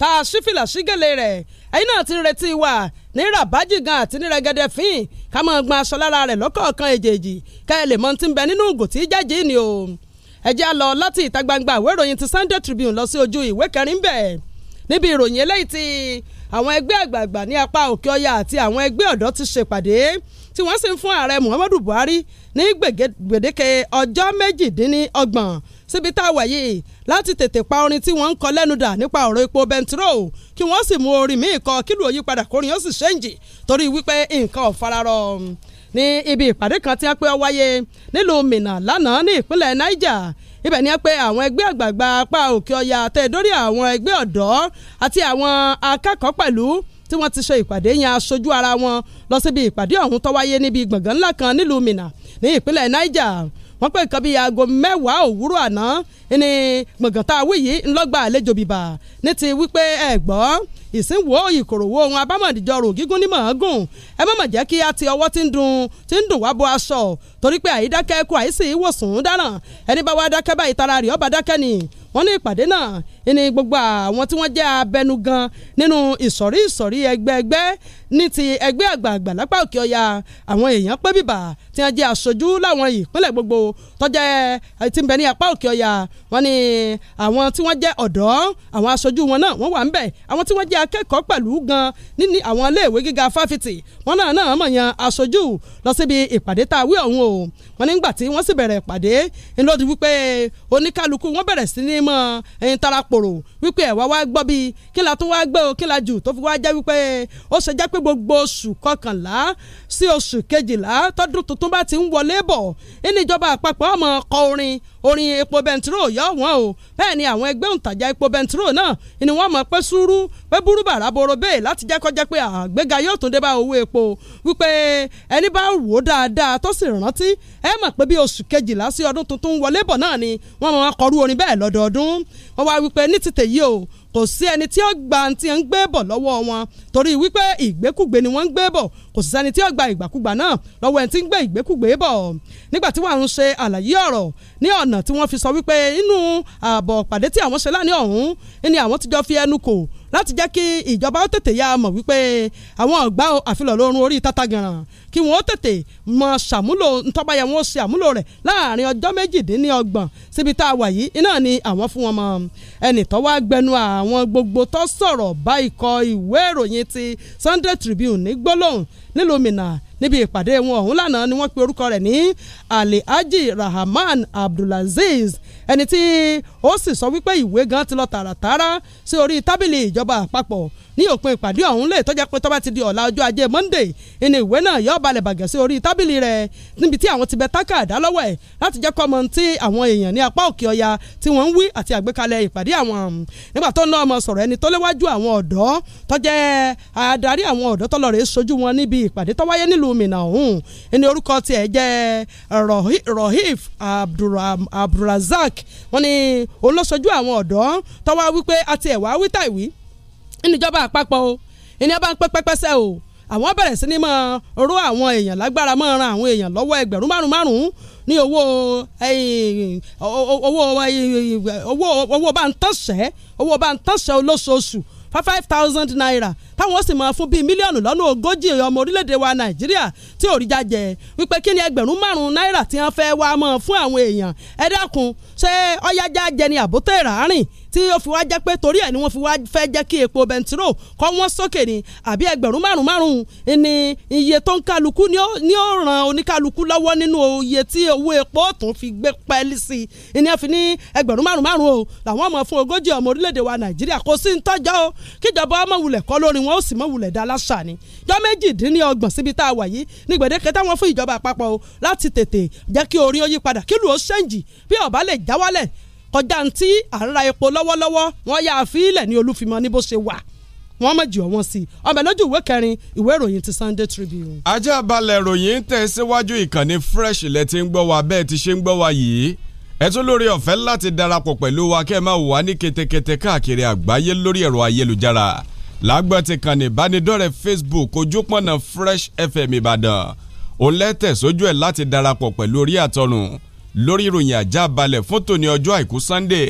tá a sí fìlà sígèlè rẹ̀ ẹ̀yin náà ti retí wa ní rabaji gan àti ní rẹ̀gẹ̀dẹ̀ fín ká máa gbọn aṣọ lára rẹ̀ lọ́kọ̀ọ̀kan èjèèjì ká ẹ lè mọ ti ń bẹ nínú ògùn tí jẹ́jì ni o ẹ a lọ láti ìta gbangba ìwé ìròyìn ti Sunday Tribune lọ sí ojú ìwé kẹrin bẹ̀ níbi ìròyìn eléyìí ti àwọn ẹgbẹ́ àgbààgbà ní apá òkè ọya àti àwọn ẹgbẹ́ ọ̀dọ́ ti ṣèpàdé tí wọ́n sì ń fún ààrẹ Muhammadu Buhari ní gbèdéke ọjọ́ méjìdínlọ́gbọ̀n síbi tá a wà yìí láti tètè pa orin tí wọ́n ń kọ lẹ́nu dà nípa ọ̀rọ̀ epo bẹntiró kí wọ́n sì mú orin míì kọ kílù òyípadà kórìn ó sì ṣẹ́ǹjì torí wípé nǹkan ò fararọ̀ ní ibi ìpàdé kan tí wọ́n pé ọ wáyé nílùú Minna lánàá ní ìpínlẹ̀ Niger ibẹ̀ ni pé àwọn ẹgbẹ́ àgbààgbà apá òkè ọya tẹ̀dórí àwọn ẹgbẹ́ ọ̀dọ́ àti àwọn akẹ́kọ̀ọ́ pẹ̀lú tí wọ́n ti ṣe ìpàdé yẹn aṣojú ara wọn lọ síbi ìpàdé ọ̀hún tó wáyé níbi gbọ̀ngàn ńlá kan nílùú Minna ní ìpínlẹ̀ Niger wọ́n pè nǹkan bíi aago mẹ́wàá òwúrọ̀ àná ní gbọ̀ngàn tá a wí yìí ńlọ́gba àlejò bíbà ní ti wípé ẹ̀ ìsìnwó ìkòròwò ohun abámọ̀dìjọ rò gígùn ní mọ̀ọ́gùn ẹ mọ̀mọ̀ jẹ́ kí a ti ọwọ́ tí ń dùn tí ń dùn wá bo aṣọ torí pé àyídákẹ́ kú àyísí ìwòsàn dáràn ẹni bá wá dákẹ́ báyìí tara rẹ̀ ọba dákẹ́ ni wọ́n ní ìpàdé náà ní gbogbo àwọn tí wọ́n jẹ́ abẹnugan nínú ìsọ̀rí ìsọ̀rí ẹgbẹ́ ẹgbẹ́ ní ti ẹgbẹ́ àgbààgbà lápá òkè ọya àwọn èèyàn pé bìbà tí wọ́n jẹ́ aṣojú láwọn ìpínlẹ̀ gbogbo tọ́jẹ́ ti ń bẹ ní apá òkè ọya wọ́n ní àwọn tí wọ́n jẹ́ ọ̀dọ́ àwọn aṣojú wọn náà wọ́n wà ń bẹ̀ àwọn tí wọ́n jẹ́ akẹ́kọ̀ọ́ pẹ̀lú gan níní àwọn iléèwé gíga fáfitì wọn náà náà mọ̀ yan aṣojú lọ síbi ìpàdé tá a wí ọ̀hún o wọn nígbà tí wọ́n sì bẹ̀rẹ̀ ìpàdé ńlọ́dún wípé oníkálukú wọn bẹ̀rẹ̀ sí ní mọ ẹyin tarapòrò wípé ẹ̀ wá gbọ́ bí kí la tún wá gbé o kí la jù tó fi wá jẹ́ wípé ó ṣe jẹ́ pé gbogbo oṣù kọkànlá sí oṣù kejìlá tọdún tuntun bá ti ń wọlé bọ̀ ìníjọba àpapọ̀ ọmọ kọ orin orin epo bẹntiró yọ wọn o bẹ́ẹ̀ ni àwọn ẹgbẹ́ òǹtajà epo bẹntiró náà ni wọ́n mọ̀ pé sùúrù pé b burú bàrà boro bẹ́ẹ̀ láti jẹ́ pé àgbéga yóò tún dé bá owó epo wípé ẹni bá wò ó dáadáa tó sì rántí ẹ mọ̀ pé bí oṣù kejìlá sí ọdún tuntun wọlé bọ̀ náà ni wọ́n máa kọrú orin bẹ́ẹ̀ lọ́dọọdún wọ́n wá wípé ní ti tèyí o kò sí ẹni tí ó gba tí ń gbé bọ̀ lọ́wọ́ wọn torí wípé ìgbékùgbé ni wọ́n ń gbé bọ̀ kò sí sẹ́ni tí ó gba ìgbàkúgbà náà lọ́wọ́ ẹni tí ń gbé ìgbékùgbé bọ̀ nígbà tí wàá ń ṣe àlàyé ọ̀rọ̀ ní ọ̀nà tí wọ́n fi sọ wípé inú ààbọ̀ pàdé tí àwọn ṣe lánàá ọ̀hún ni àwọn ti jọ fi ẹnu kò láti jẹ́ kí ìjọba ó tètè yá mọ̀ wípé àwọn ọ̀gbá àfilọ̀ lórun orí tata gànràn kí wọ́n tètè mọ ṣàmúlò ntọ́bayà wọn ṣe àmúlò rẹ̀ láàrin ọjọ́ méjìdínlọ́gbọ̀n síbi tá a wà yìí iná ni àwọn fún wọn mọ́ ẹnì tó wá gbẹnu àwọn gbogbo tó sọ̀rọ̀ bá ikọ̀ ìwé ìròyìn ti Sunday Tribune ní gbólóhùn nílùú Minna níbi ìpàdé wọn ọ̀hún lánàá ni wọ́n pe orúkọ rẹ̀ ní Alhaji Rahman Abdulaziz ẹni tí ó sì sọ wípé ìwé gan ti lọ tààràtààrà sí orí tábìlì ìjọba àpapọ̀ ní òpin ìpàdé ọ̀hún lè tọ́jà pé tó ti di ọ̀la ọjọ́ ajé Monday ìní ìwé náà yọ balẹ̀ bàgẹ́ sí orí tábìlì rẹ̀ níbi tí àwọn ti bẹ tákàdá lọ́wọ́ ẹ̀ láti jẹ́ kọ́mọ tí àwọn èèyàn ní apá òkè ọya tí wọ́n ń wí àti àgbékalẹ̀ ìpàdé àwọn nígbà tó ń ná ọmọ sọ̀rọ̀ ẹni tó léwájú àwọn ọ̀dọ́ tó jẹ́ adarí àwọn ọ̀dọ́ tó sojú wọn níbi ìpàdé tó wáyé nílùú Minna ọ̀hún ẹni orúkọ tiẹ̀ jẹ́ Rohif Abdulrazak wọ́n ní olóṣojú àwọn ọ̀dọ́ tó wípé àti ẹ̀wá wítàwí níjọba àpapọ̀ o ìní bá ń pẹ́ pẹ́pẹ́sẹ́ o àwọn bẹ̀rẹ̀ sí ni máa ró àwọn èèyàn lágbára máa ran àwọn èèyàn lọ́wọ́ ẹgbẹ̀rún márùn márùn ní owó owó owó owó bá ń tánṣẹ́ owó bá ń tánṣẹ́ olóṣooṣù fa five thousand naira táwọn sì máa fún bíi mílíọ̀nù lọ́nà ogójì ọmọ orílẹ̀-èdè wa nàìjíríà tí òrìjà jẹ wípé kí ni ẹgbẹ̀rún márùn-ún náírà tí wọ́n fẹ́ wá máa fún àwọn èèyàn ẹ dákun ṣé ọ̀yájá jẹni àbótẹ́ ìràárìn tí ó fi wá jẹ́ pé torí ẹ̀ ni wọ́n fi wá fẹ́ jẹ́ kí epo bẹntiró kọ́ wọ́n sókè ni àbí ẹgbẹ̀rún márùn márùn ni iye tó ń kálukú ni ó ràn oníkálukú lọ́wọ́ nínú iye tí owó epo tún fi gbé pẹ́ẹ́lí sí i ni ẹ fi ní ẹgbẹ̀rún márùn márùn o làwọn ọmọ fún ogójì ọmọ orílẹ̀-èdè wa nàìjíríà kò sí ń tọ́jọ́ o kíjọba ọmọ wulẹ̀ kọ́ lórí wọn ó sì mọ wulẹ̀ dá láṣà ni jọ méjìdínlọ́gbọ̀n síbi tá a wà yìí ní gbèdéke táwọn fún ìjọba àpapọ̀ o láti tètè jẹ́ kí orin ó yí padà kí lù ó ṣẹ́ǹjì bí ọ̀bá lè àdáwálẹ̀ kọjá ntí à ń ra epo lọ́wọ́lọ́wọ́ wọ́n yà á fi ilẹ̀ ní olúfimọ ní bó ṣe wà wọ́n mọ̀ jù wọ́n sí ọbẹ̀ lójú ìwé kẹrin ìwé ìròyìn ti Sunday Tribune. ajá balẹ̀ ìròyìn ń tẹ̀ síwájú ìkànnì fresh lẹ ti ń gbọ́ wa bẹ́ẹ̀ ti ṣe ń gbọ́ wa yìí ẹ tún lórí ọ̀fẹ́ láti darapọ̀ pẹ̀lú wa kẹ́ ẹ máa wà ní ketekete káàkiri àgbáyé lórí ẹ̀rọ ayélujára lágbọ́n ti kàn ní ìbánidọ́rẹ̀ẹ́ Facebook ojúpọ̀nà Fresh FM Ìbàdàn òun lẹ́tẹ̀ sójú ẹ̀ láti darapọ̀ pẹ̀lú orí àtọrùn lórí ìròyìn ajá balẹ̀ fún tòní ọjọ́ àìkú Sunday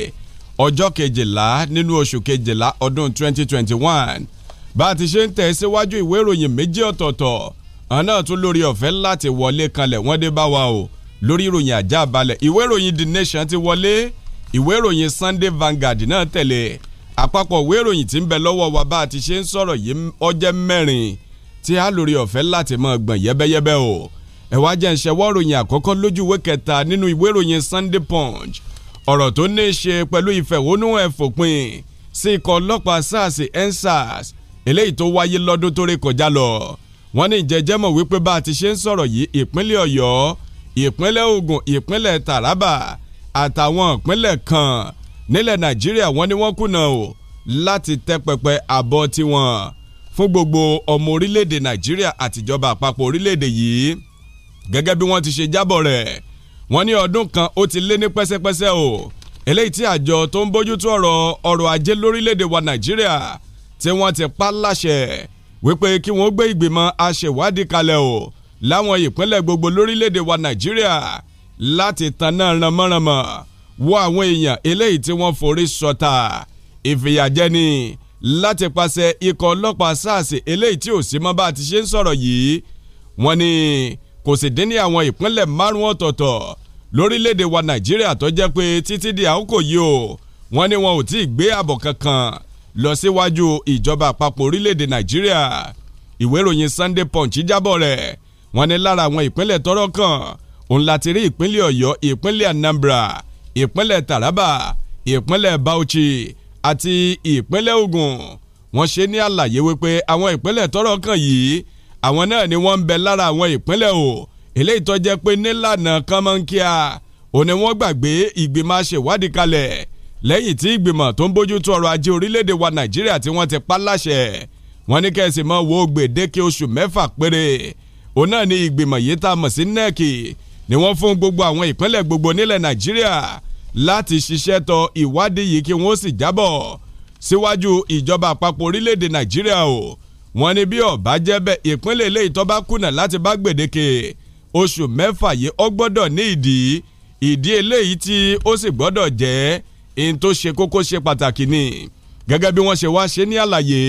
ọjọ́ kejìlá nínú oṣù kejìlá ọdún 2021 bá a ti ṣe ń tẹ̀ síwájú ìwé ìròyìn méjì ọ̀tọ̀ọ̀tọ̀ àwọn náà tún lórí ọ̀fẹ́ láti wọlé kanlẹ̀ wọ́n dé bá wa o lórí ìròyìn ajá balẹ̀ ìwé ìròyìn The Nation ti wọlé ìwé ìròyìn Sunday Vanguard náà tẹ̀lé àpapọ̀ ìwé ìròyìn tí ń bẹ lọ́wọ́ wa bá a ti ṣe ń sọ̀rọ̀ yìí ọjẹ́ mẹ́rin tí a lórí ọ̀fẹ́ láti máa gbọ̀n yẹ́bẹ́yẹ́bẹ́ o ẹ̀wá jẹ́ ìṣẹ́wọ́ ròyìn àkọ́kọ́ lójú ìwé kẹta nínú ìwé ìròyìn Sunday Punch ọ̀rọ̀ tó ní í ṣe pẹ̀lú ìfẹ̀hónúhàn ẹ̀fòpin sí ikọ̀ ọlọ́pàá SARS EndSARS eléyìí tó wáyé lọ́dún tó ré kọjá lọ wọ́n ní ìjẹ́jẹ́ mọ̀ wípé bá a ti ṣe ń sọ̀rọ̀ yìí ìpínlẹ̀ Ọ̀yọ́ ìpínlẹ̀ Ògùn ìpínlẹ̀ Taraba àtàwọn ìpínlẹ̀ kan nílẹ̀ Nàìjíríà wọ́n ní wọ́n kùnà o láti tẹ́ pẹpẹ àbọ̀ tiwọn fún gbogbo ọmọ orílẹ̀-èdè Nàìjíríà àtijọba àpapọ̀ orílẹ̀-èdè yìí gẹ́gẹ́ bí wọ́n ti ṣe jábọ̀ rẹ̀ wọ́n ní ọdún kan ó ti lé ní pẹ́sẹ́pẹ́sẹ́ o eléyìí tí àjọ tó ń bójútó ọ̀rọ̀ ọrọ̀ ajé lórílẹ̀‐èdè wa Nàìjíríà tí wọ́n ti pa láṣẹ wípé kí wọ́n gbé ìgbìmọ̀ aṣèwádìí kalẹ̀ o láwọn ìpínlẹ̀ gbogbo lórílẹ̀‐èdè wa Nàìjíríà láti tanná ránmọ́ránmọ́ wọ àwọn èèyàn eléyìí tí wọ́n forí sọta ìfìyàjẹni láti pàṣẹ ikọ̀ ọlọ́pàá SARS eléyìí tí ò sí mọ́ bá a ti ṣe ń sọ̀rọ̀ yìí wọ́n ní kò sì dín ní àwọn ìpínlẹ̀ márùn ọ̀tọ̀ọ̀tọ̀ lórílẹ̀‐èdè wa nàìjíríà tó jẹ́ pé títí di àkókò yìí o wọ́n ní wọn ò tí ì gbé àbọ̀ kankan lọ síwájú ìjọba àpapọ̀ orílẹ̀‐èdè nàìjíríà ìwé ìròyìn Sunday Punch jábọ̀ rẹ̀ wọ́n ní lára àwọn ìpínlẹ̀ tọ́rọ̀ kàn òun láti rí ìpínlẹ̀ ọ̀yọ́ ìpínlẹ̀ anambra ìpínlẹ̀ taraba ìpínlẹ̀ bauchi àti ìpínlẹ̀ ogun wọ́n ṣe ní àlàyé wípé àwọn ìpínlẹ̀ tọ́rọ̀ kàn yìí àwọn náà ni wọ́n ń bẹ lára àwọn ìpínlẹ̀ o eléyìí tó jẹ́ pé nílànà kánmọ́nkíà ò ní wọ́n gbàgbé ìgbìmọ̀ aṣèwádìí kalẹ̀ lẹ́yìn tí ìgbìmọ̀ tó ń bójú tó ọrọ̀ ajé orílẹ̀-èdè wa Nàìjíríà tí wọ́n ti pa láṣẹ wọ́n ní kẹ́sì mọ́ wo gbèdéke oṣù mẹ́fà péré òun náà ni ìgbìmọ̀ yìí tá a mọ̀ sí nec ni wọ́n fún gbogbo àwọn ìpínlẹ̀ gbogbo nílẹ̀ Nàìjíríà láti ṣiṣẹ́ tọ ìwádìí yìí kí wọ́n sì jábọ̀ síwájú ìjọba àpapọ̀ orílẹ̀-èdè Nàìjíríà o wọ́n ní bí ọ̀bá jẹ́ bẹ́ẹ̀ ìpínlẹ̀ eléyìí tó bá kùnà láti bá gbèdéke oṣù mẹ́fà yìí ó gbọ́dọ̀ ní ìdí ìdí eléyìí tí ó sì gbọ́dọ̀ jẹ́ in tó ṣe kókó ṣe pàtàkì ni gẹ́gẹ́ bí wọ́n ṣe wá ṣe ní àlàyé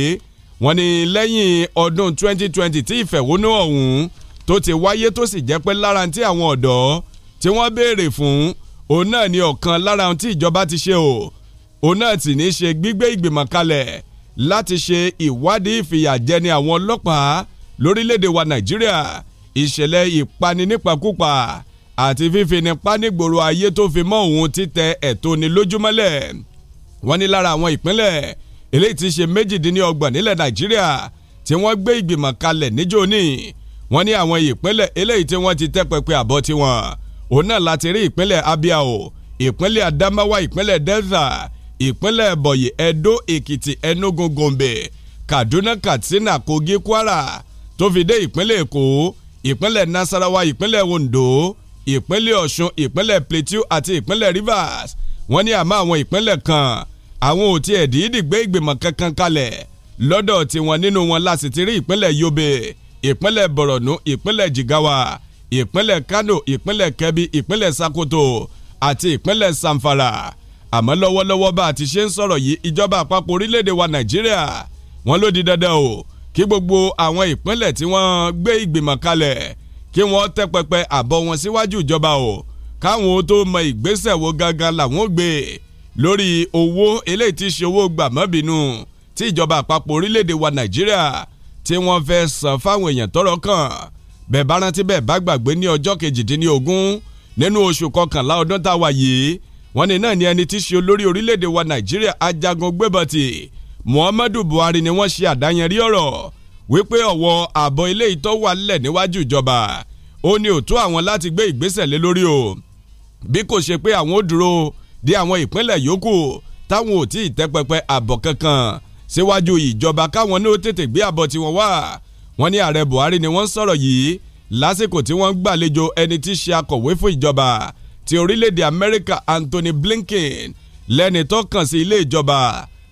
wọ́n ní lẹ́yìn ọdún 2020 tí ìfẹ̀hónú ọ̀hún tó ti wáyé tó sì jẹ́ pé lára ti àwọn ọ̀dọ́ tí wọ́n béèrè fún òun náà ni ọ̀kan lára ohun ìjọba ti ṣe o òun náà sì ní ṣe gbígbé ìgbìmọ̀ kalẹ̀ láti ṣe ìwádìí ìfìyàjẹni àwọn ọlọ́pàá lórílẹ̀‐èdè wa nàìjíríà ìṣẹ̀lẹ̀ ìpani nípakúpa àti fífini pánigbòrò ayé tó fi mọ́ òun títẹ ẹ̀tọ́ ni lójúmọ́lẹ̀ wọ́n ní lára àwọn ìpínlẹ̀ eléyìí ti ṣe méjìdínlọ́gbọ̀n nílẹ̀ nàìjíríà tí wọ́n gbé ìgbìmọ̀ kalẹ̀ níjó ní wọ́n ní àwọn ìpínlẹ̀ eléyìí tí wọ́n ti tẹ́ pẹpẹ àbọ̀ tiwọn òun náà láti rí ìpínlẹ̀ Abiao. o ìpínlẹ̀ adamawa ìpínlẹ̀ delta ìpínlẹ̀ bọ̀yì ẹdó èkìtì enugu gombe kaduna katsina kogi kwara tó fi dé ìpínlẹ̀ èkó ìpínlẹ̀ nasarawa ìpínlẹ̀ ondo ìpínlẹ̀ ọ̀ṣun ìpínlẹ̀ plateau àti ìpínlẹ̀ rivers wọ́n ní àmọ́ àwọn ìpínlẹ̀ kan àwọn ò tiẹ̀ dìídì gbé ìgbìmọ̀ kankan kalẹ̀ lọ́dọ̀ tiwọn nínú wọn la ti rí ìpínlẹ̀ yobe ìpínlẹ̀ borno ìpínlẹ̀ jigawa ìpínlẹ̀ kano ìpínlẹ̀ kebbi ìpínlẹ̀ sakoto àti ìpínlẹ̀ samfara àmọ́ lọ́wọ́lọ́wọ́ bá a ti ṣe ń sọ̀rọ̀ yìí ìjọba àpapọ̀ orílẹ̀-èdè wa nàìjíríà wọ́n ló di dandan o kí gbogbo àwọn ìpínlẹ̀ tí wọ́n gbé ìgbìmọ̀ kalẹ̀ kí wọ́n tẹ́ pẹpẹ àbọ̀ wọn síwájú ìjọba o káwọn ó tó mọ ìgbésẹ̀ wo gangan làwọn ó gbé lórí owó eléyìí tí ṣe owó gbàmọ́bìnú tí ìjọba àpapọ̀ orílẹ̀-èdè wa nàìjíríà tí wọ́n fẹ́ san fáwọn èèyàn tọ́rọ̀ kàn bẹ́ẹ̀ bá rántí bẹ́ẹ̀ bá gbàgbé ní ọjọ́ kejìdínlógún nínú oṣù kọkànlá ọdún táwa yìí wọ́n ní náà ni ẹni tí í ṣe olórí orílẹ̀-èdè wa nàìjíríà ajagun gbébọ̀tì muhammadu buhari ni wọ́n ṣe àdáyẹnrí ọ̀rọ̀ wípé ọ̀wọ́ ààbọ̀ ilé ìtọ́ wà lẹ̀ níwájú ìjọba ó ní òtún àwọn láti gbé ìgbésẹ̀ lé lórí o bí kò ṣe pé àwọn ó dúró de àwọn ìpínlẹ̀ yòókù táwọn ò tí ì tẹ́pẹpẹ àbọ̀ kankan síwájú ìjọba káwọn ní ó tètè gbé àbọ̀ tiwọn wá wọ́n ní ààrẹ buhari ni wọ́n sọ̀rọ̀ yìí lásìkò tí wọ́n gbàlejò ẹni tí ṣe akọ̀wé fún ìjọba ti orílẹ̀-èdè Amẹ́ríkà Anthony Blinken lẹ́ni tó kàn sí ilé ìjọba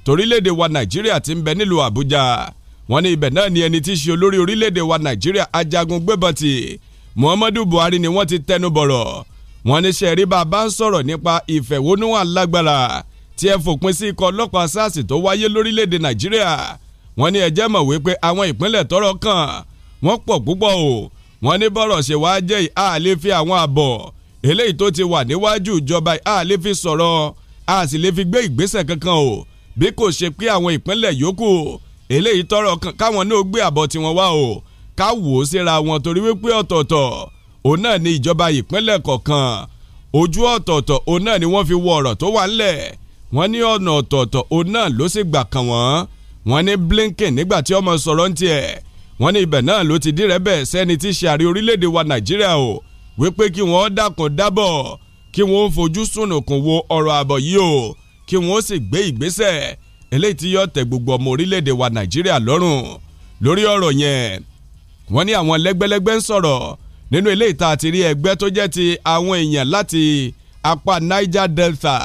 torílẹ̀-èdè wa Nàìjíríà ti ń bẹ nílùú Àbújá wọ́n ní ibẹ̀ náà ni ẹni tí í ṣe olórí orílẹ̀-èdè wa Nàìjíríà ajagun gbébọn ti Muhammadu Buhari ni wọ́n ti tẹnu bọ̀rọ̀ wọ́n ní sẹ́ẹ̀rí bá a bá ń sọ̀rọ̀ nípa ìfẹ̀hónúhàn lágbára tí ẹ fòpin sí ikọ̀ ọlọ́pàá SARS tó wáyé lórílẹ̀-èdè Nàìjíríà wọ́n ní ẹjẹ́ mọ̀ wípé àwọn ìpínlẹ̀ tọ́rọ̀ kàn wọ́n pọ̀ púpọ̀ o wọ́n ní bọ́rọ̀ ṣe wá jẹ́ àlefi àwọn àbọ̀ eléyìí tó ti wà níwájú ìjọba a lè fi sọ̀rọ̀ a sì lè fi gbé ìgbésẹ̀ kankan o bí kò ṣe pé àwọn ìpínlẹ̀ yòókù eléyìí tọrọ káwọn náà gbé àbọ̀ tiwọn wá o ká wò ó síra wọn torí wípé ọ̀tọ̀ọ̀tọ̀ òun náà ni ìjọba ìpínlẹ̀ kọ̀ọ̀kan ojú ọ̀tọ̀ọ̀tọ̀ òun náà ni wọ́n fi wo ọ̀rọ̀ tó wà ńlẹ̀ wọ́n ní ọ̀nà ọ̀tọ̀ọ̀tọ̀ òun náà ló sì gbà kàn wọ́n wọ́n ní Blinken nígbà tí ọmọ sọ̀rọ̀ ń tiẹ̀ wọ́n ní ibẹ̀ náà ló ti dírẹ́bẹ̀ sẹ́ni tí í ṣe àrí orílẹ̀-èdè wa Nàìjíríà o wípé kí wọ́n dákun dábọ̀ kí wọ́n fojú sùnùkùn wo ọ̀rọ̀ àbọ̀ yìí o kí wọ́n sì gbé ìgbésẹ̀ eléyìí tí yóò tẹ́ gbogbo ọmọ orílẹ̀-èdè wa Nàìjíríà lọ́rùn lórí ọ̀rọ̀ yẹn wọ́n ní àwọn lẹ́gbẹ́lẹ́gbẹ́ ń sọ̀rọ̀ nínú ilé ìta àti rí ẹgbẹ́ tó jẹ́ ti àwọn èèyàn láti apá Niger Delta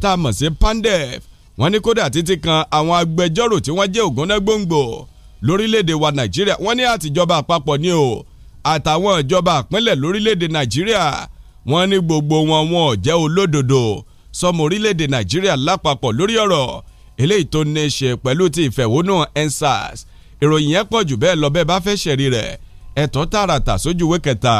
tá a mọ̀ sí Pandef wọ́n ní kódà títí kan àwọn agbẹjọ́rò tí wọ́n jẹ́ ògúnná gbòǹgbò lórílẹ̀‐èdè wa Nàìjíríà wọ́n ní àtijọba àpapọ̀ ni o àtàwọn ìjọba àpínlẹ̀ lórílẹ̀‐èdè nàìjíríà wọ́n ní gbogbo wọn wọn jẹ́ olódodo sọmọ orílẹ̀‐èdè nàìjíríà lápapọ̀ lórí ọ̀rọ̀ eléyìí tó ní í ṣe pẹ̀lú ti ìfẹ̀hónú ensars ìròyìn yẹn pọ̀ jù bẹ́ẹ̀ lọ bẹ́ẹ̀ bá fẹ́ ṣẹ̀rí rẹ̀ ẹ̀tọ́ tààràtà sójú ìwé kẹta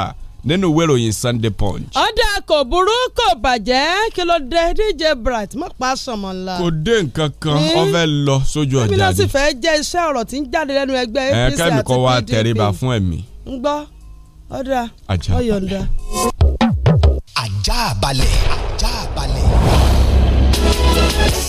nínú ìwé ìròyìn Sunday Punch. ọ̀dà kò burú kò bàjẹ́ kí ló dé DJ Bright mọ̀ pa sọmọ la. kò dé nǹkan kan ó hmm? lọ sójú ọjà ni. èmi náà sì fẹ́ jẹ́ iṣẹ́ ọ̀rọ̀ tí ń jáde lẹ́nu ẹgbẹ́ APC àti PDP. ẹ̀ka mi kọ́ wa tẹríba fún ẹ̀mí. ń gbọ́ ọ̀dà ọ̀yọ̀ǹda. ajá balẹ̀ ajá balẹ̀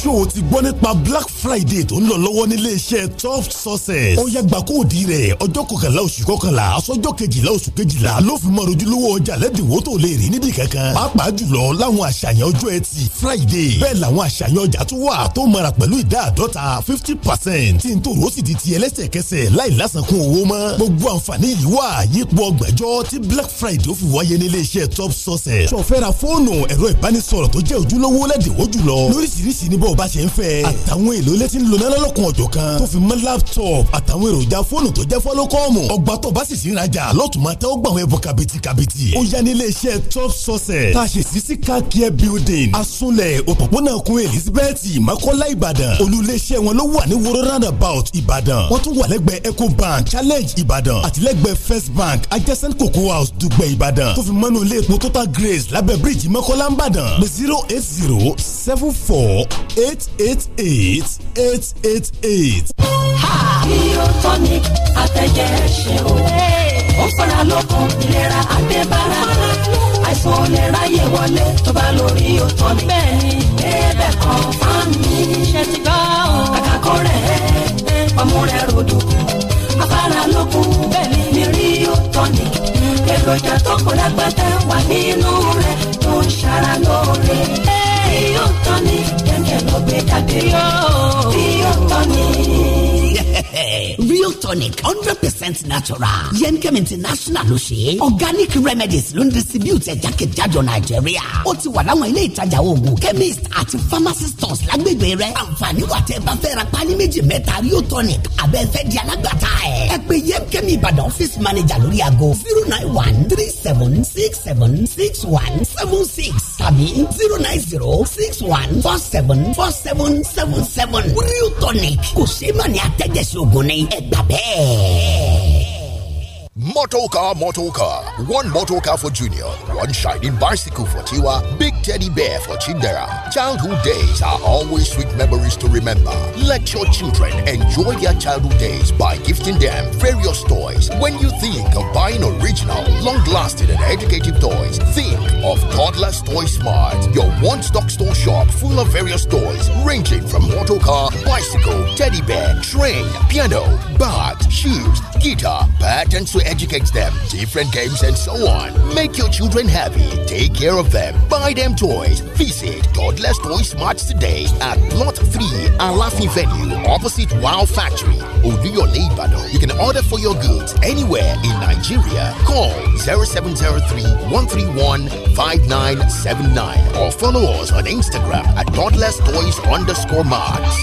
ṣó o ti gbọ́ nípa black friday tó ń lọ lọ́wọ́ níléeṣẹ́ top sources. ó yàgbà kóòdì rẹ̀ ọjọ́ kọkànlá oṣù kọkànlá aṣọ́jọ́ kejìlá oṣù kejìlá ló fi mọ ojúlówó ọjà lẹ́dínwó tó lè rí níbi kankan. pàápàá jùlọ láwọn àṣàyàn ọjọ́ ẹtì friday bẹ́ẹ̀ làwọn àṣàyàn ọjà tó wà tó mara pẹ̀lú ìdá àdọ́ta fifty percent tí n tó rò sì di ti ẹlẹ́sẹ̀kẹsẹ̀ láì lásàkún owó mọ́. gbogbo àǹfààní yìí wà yípo ọgbàjọ́ tí black friday ó fi wáyé níléeṣẹ́ top sources. sọfẹ́ra fóònù ẹ̀rọ ìbánisọ̀rọ̀ tó jẹ́ ojúlówó lẹ́dínwó jùlọ lóríṣiríṣi ní bọ́ọ̀ bá ṣe ń fẹ́. àtàwọn èlò létí ń lona lọ́lọ́kun ọ̀jọ̀ kan tó fi mọ́ laptop àtàwọn èròjà fóònù tó jẹ́ fọ́lọ́kọ́ọ̀mù ọgbà tó bá sì sí ìrajà lọ́tùmọ̀ tẹ́ ó gbà wọn kàbìtì kàbìtì. ó yá ní iléeṣẹ́ top sources tá a ṣe sí sí car care building asunlẹ̀ òpópónà kun elizabeth makola ìbàdàn olùléeṣẹ́ wọn ló wà ní woro roundabout ìbàdàn wọ́n tún wà lẹ́gbẹ̀ẹ́ ecobank challenge ìbàdàn àtìlẹ́gbẹ̀ẹ́ first bank adjacent cocoa house dùgbẹ̀ ìbàdàn tó fi mọ́nú grace lábẹ́ bíríìjì makola ìbàdàn zero eight zero seven four eight eight eight eight eight eight. kí o tọ́ ni àtẹ̀jẹ́ ṣe o ó fara lókun ìlera àgbẹ̀bára àìsàn ò lè ráyè wọlé tó bá lórí o tọ́ ni ẹ̀ẹ́dẹ̀ kan fáàmì kàkàkọ́ rẹ̀ ọmú rẹ̀ rodò afárá lókun mi rí o tọ́ èròjà tó kọ́ lágbàtà wà nínú rẹ̀ tó ń ṣara lóore tí yóò tán ni kẹ̀kẹ́ ló gbé jáde yóò tí yóò tán ni. real tonic hundred percent natural yemkem international ló ṣe organic remedies ló ń distribute ẹ̀ jákèjádò nàìjíríà ó ti wà láwọn ilé ìtajà oògùn chemist àti pharmacy stores lágbègbè rẹ àǹfààní wà tẹ́ bá fẹ́ ra pálí méjì mẹ́ta real tonic abẹ́ fẹ́ di alágbàtà ẹ̀ ẹ pè yemkem ìbàdàn office manager lórí aago zero nine one three seven six seven six one seven six tàbí zero nine zero six one four seven four seven seven seven real tonic kò ṣe é mà ní atẹ́jẹ́ ṣoògùn ni ẹgbà bẹ́ẹ̀. Motor car, motor car. One motor car for Junior, one shining bicycle for Tiwa, big teddy bear for Chindera. Childhood days are always sweet memories to remember. Let your children enjoy their childhood days by gifting them various toys. When you think of buying original, long-lasting and educative toys, think of Toddler's Toy Smart, your one-stop store shop full of various toys ranging from motor car, bicycle, teddy bear, train, piano, bat, shoes, guitar, bat and swing educate them, different games, and so on. Make your children happy, take care of them, buy them toys. Visit Godless Toy Mart today at Plot 3 Alafi Venue, opposite Wow Factory, Oluyole, Ibadan. You can order for your goods anywhere in Nigeria. Call 0703 131 5979 or follow us on Instagram at Godless Toys underscore Marks.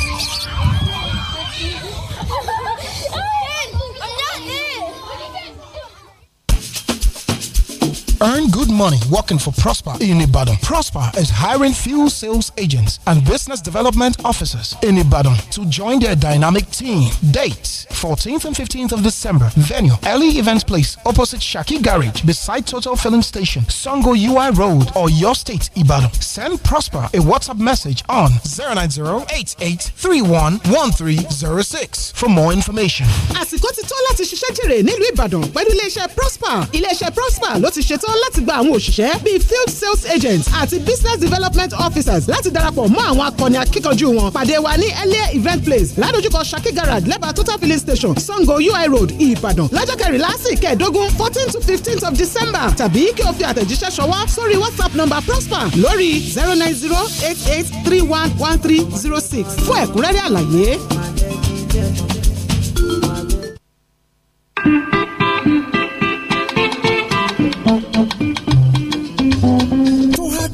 earn good money working for Prosper in Ibadan. Prosper is hiring few sales agents and business development officers in Ibadan to join their dynamic team. Dates 14th and 15th of December. Venue Early Events Place opposite Shaki Garage beside Total Film Station, Songo UI Road, or your state, Ibadan. Send Prosper a WhatsApp message on 090 8831 for more information. àsìkò ti tó láti ṣiṣẹ́ jèrè nílùú Ìbàdàn pẹ̀lú iléeṣẹ́ Prosper iléeṣẹ́ Prosper ló ti dúró láti gba àwọn òṣìṣẹ́ bíi field sales agents àti business development officers láti darapọ̀ mọ́ àwọn akọni akíkanjú wọn pàdé wa ní elia event place ládojúkọ saki garage lẹ́bàá total filling station sango ui road ìbàdàn lọ́jọ́ kẹrìnlá sí kẹẹ̀ẹ́dógún fourteen to fifteen of december tàbí kí o fi àtẹ̀jíṣẹ́ ṣọwọ́ sórí whatsapp number prosper lórí zero nine zero eight eight three one one three zero six fún ẹ̀kúnrẹ́rẹ́ àlàyé. thank you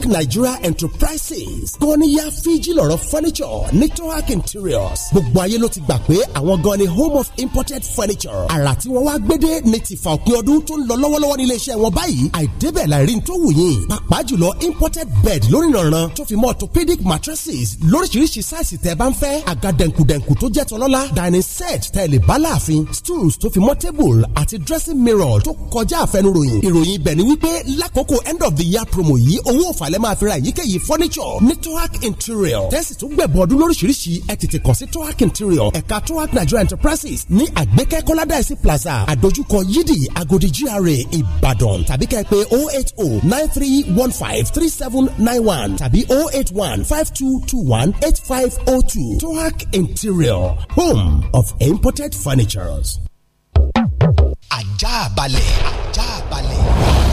Nigeria Enterprises gọ́níyà fíjì lọ́rọ̀ furniture ní tohac interiors gbogbo ayé ló ti gbà pé àwọn gan ni home of imported furniture àrà tí wọ́n wá gbédé ní tìfà òpin ọdún tó ń lọ lọ́wọ́lọ́wọ́ ní iléeṣẹ́ wọn báyìí àìdébẹ̀ láì rí ní tó wù yín pàápàá jùlọ imported bed lórí ìrànràn tó fi mọ́ orthopedic mattresses lóríṣiríṣi sáìsì tẹ́ bá ń fẹ́ àga dẹ̀nkùdẹ̀nkù tó jẹ́ tọ́lọ́lá dining set tẹ́lẹ̀ bá stools tó fi mọ́ table àti dressing mirror tó kọjá àfẹnuròyìn ìròyìn ibẹ̀ ni wípé lákòókò end of the year promo yìí owó òfàlẹ́ lẹ́ máa fi ra èyíkéyìí furniture ní tohac interior tẹ́sí tó gbẹ̀bọ̀ ọdún lóríṣiríṣi ẹ̀ tètè kàn sí tohac interior ẹ̀ka tohac nigeria enterprises ní àgbékẹ́ kọ́ládàísí plaza àdójúkọ yídì agodi gra ìbàdàn tàbí kẹ́ pé oh eight oh nine three one five three seven nine one tàbí oh eight one five two two one eight five oh two tohac interior home of imported furnitures. ajá balẹ̀ ajá balẹ̀.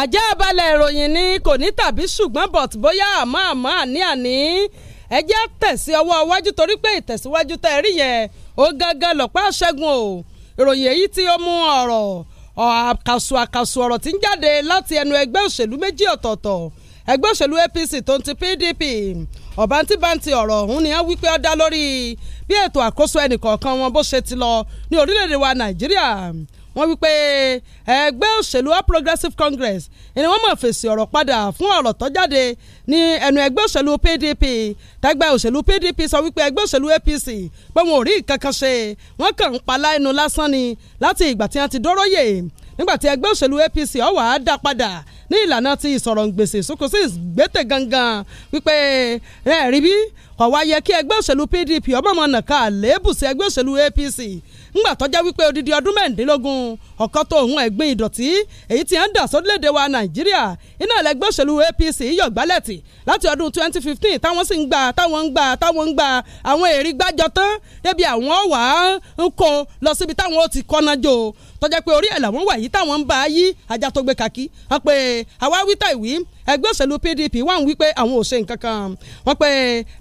àjá balẹ̀ ìròyìn ni kò ní tàbí ṣùgbọ́n bọ̀t bóyá àmọ́ àmọ́ àní àní ẹ jẹ́ tẹ̀sí ọwọ́ iwájú torí pé ìtẹ̀síwájú tẹ́ ẹ rí yẹn ó gángan lọ́pẹ́ àṣẹ́gun o ìròyìn èyí tí ó mú ọ̀rọ̀ àkàsù àkàsù ọ̀rọ̀ tí ń jáde láti ẹnu ẹgbẹ́ òṣèlú méjì ọ̀tọ̀ọ̀tọ̀ ẹgbẹ́ òṣèlú APC tó ń ti PDP ọ̀bántíbántí ọ̀rọ̀ ọ̀hún ni wọ́n wí pé ó dá lórí bí ètò àkóso ẹnìkọ̀ọ̀kan wọn bó ṣe ti lọ ní orílẹ̀-èdè wa Nàìjíríà wọ́n wí pé ẹgbẹ́ òṣèlú All Progressives Congress ni wọ́n mọ̀ fèsì ọ̀rọ̀ padà fún ọ̀rọ̀ tó jáde ní ẹnu ẹgbẹ́ òṣèlú PDP tẹgbẹ́ òṣèlú PDP sọ wípé ẹgbẹ́ òṣèlú APC pé wọn ò rí nǹkan kan ṣe wọ́n kàn ń pa láìnu lásán ni láti ìgbà tí wọ́n ti dọ́rọ́yè nígbàtí ẹgbẹ́ òṣèlú APC ọ̀wà á dá padà ní ìlànà ti ìsọ̀rọ̀ gbèsè sókò sí ìgbésẹ̀ gangan wípé ẹ rí bí kò wá yẹ kí ẹgbẹ́ òṣèlú PDP ọmọọmọ nàka àléébù sí ẹgbẹ́ òṣèlú APC ńgbà tọ́já wípé odidi ọdún mẹ́ẹ̀ẹ́dínlógún ọ̀kan tó òun ẹ̀gbin ìdọ̀tí èyí tí ń dà sórílẹ̀‐èdè wa nàìjíríà iná ẹlẹgbẹ́ òṣèlú APC yọ̀gbálẹ̀tì láti ọdún 2015 táwọn sì ń gbà táwọn ń gbà táwọn ń gbà àwọn èrè gbájọ tán débi àwọn ọ̀wà ń kó lọ síbi táwọn ó ti kọ́nájò tọ́jà pé orí ẹ̀ làwọn wà yìí táwọn ń bá a yí ajá tó gbé kakí wọ́n pe àwa wíta ìwí ẹgbẹ́ òṣèlú PDP wà ń wí pé àwọn ò ṣe nǹkan kan wọ́n pe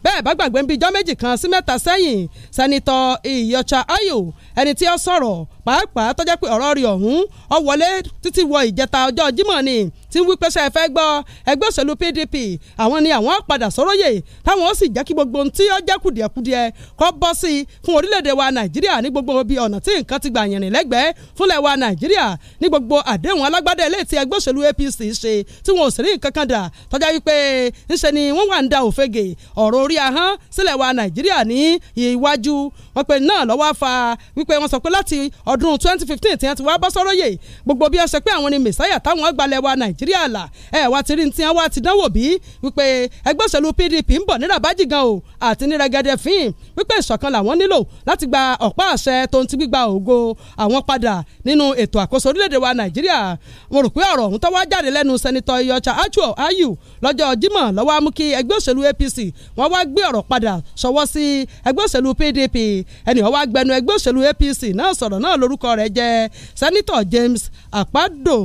bẹ́ẹ̀ bá gbàgbé ń bí ijọ́ méjì kan sí mẹ́ta sẹ́yìn sẹ́nitọ́ Ìyọ̀chà Ayọ̀ ẹni tí ó sọ̀rọ̀ pàápàá tọ́jẹ́ pé ọ̀rọ̀ rẹ̀ ọ̀hún ó wọlé títí wọ ìjẹta ọjọ́ Jímọ̀ ni tí ń wí pé ṣe fẹ́ gbọ́ ẹgbẹ́ òṣèlú PDP àwọn ni àwọn padà sọ́rọ́yè táwọn ó sì jẹ́ kí gbogbo ohun tí ó jẹ́ kùdìẹ̀kudìẹ kó bọ́ sí i fún orílẹ̀-èdè wa Nàìjíríà ní gbogbo bí ọ̀nà tí nǹkan ti gbà yìnrìn lẹ́gbẹ̀ẹ́ fúnlẹ̀ wa Nàìjíríà ní gbogbo àdéhùn alágbádá ilé tí ẹgbẹ́ òṣèlú APC ṣe tí wọn ò sì rí nǹkan kan dà tọ́já wípé ńṣe ni wọ́n wà ń da òfegè ọ̀rọ̀ orí ahọ́n sílẹ̀ wa Nàìjíríà ní iwájú wọn pe náà lọ́wọ́ fa w wípé wọ́n sọ pé láti ọdún twenty tí wọ́n ti wá bọ́ sọ́rọ́yè gbogbo bí wọ́n ṣe pé àwọn ni mẹ̀sáyà táwọn gbalẹ̀ wa nàìjíríà là ẹ̀ wá ti rí ní wá ti dánwò bí wípé ẹgbẹ́ òṣèlú pdp ń bọ̀ ní rabaji gan o àti ní rẹ̀gẹ̀dẹ̀ fín wípé ìṣọ̀kan làwọn nílò láti gba ọ̀pá àṣẹ tó ń ti gbígba ògo àwọn padà nínú ètò àkóso orílẹ̀-èdè wa nàìjíríà APC náà sọ̀rọ̀ náà lórúkọ rẹ̀ jẹ́ sẹ́nitọ̀ James Àpádò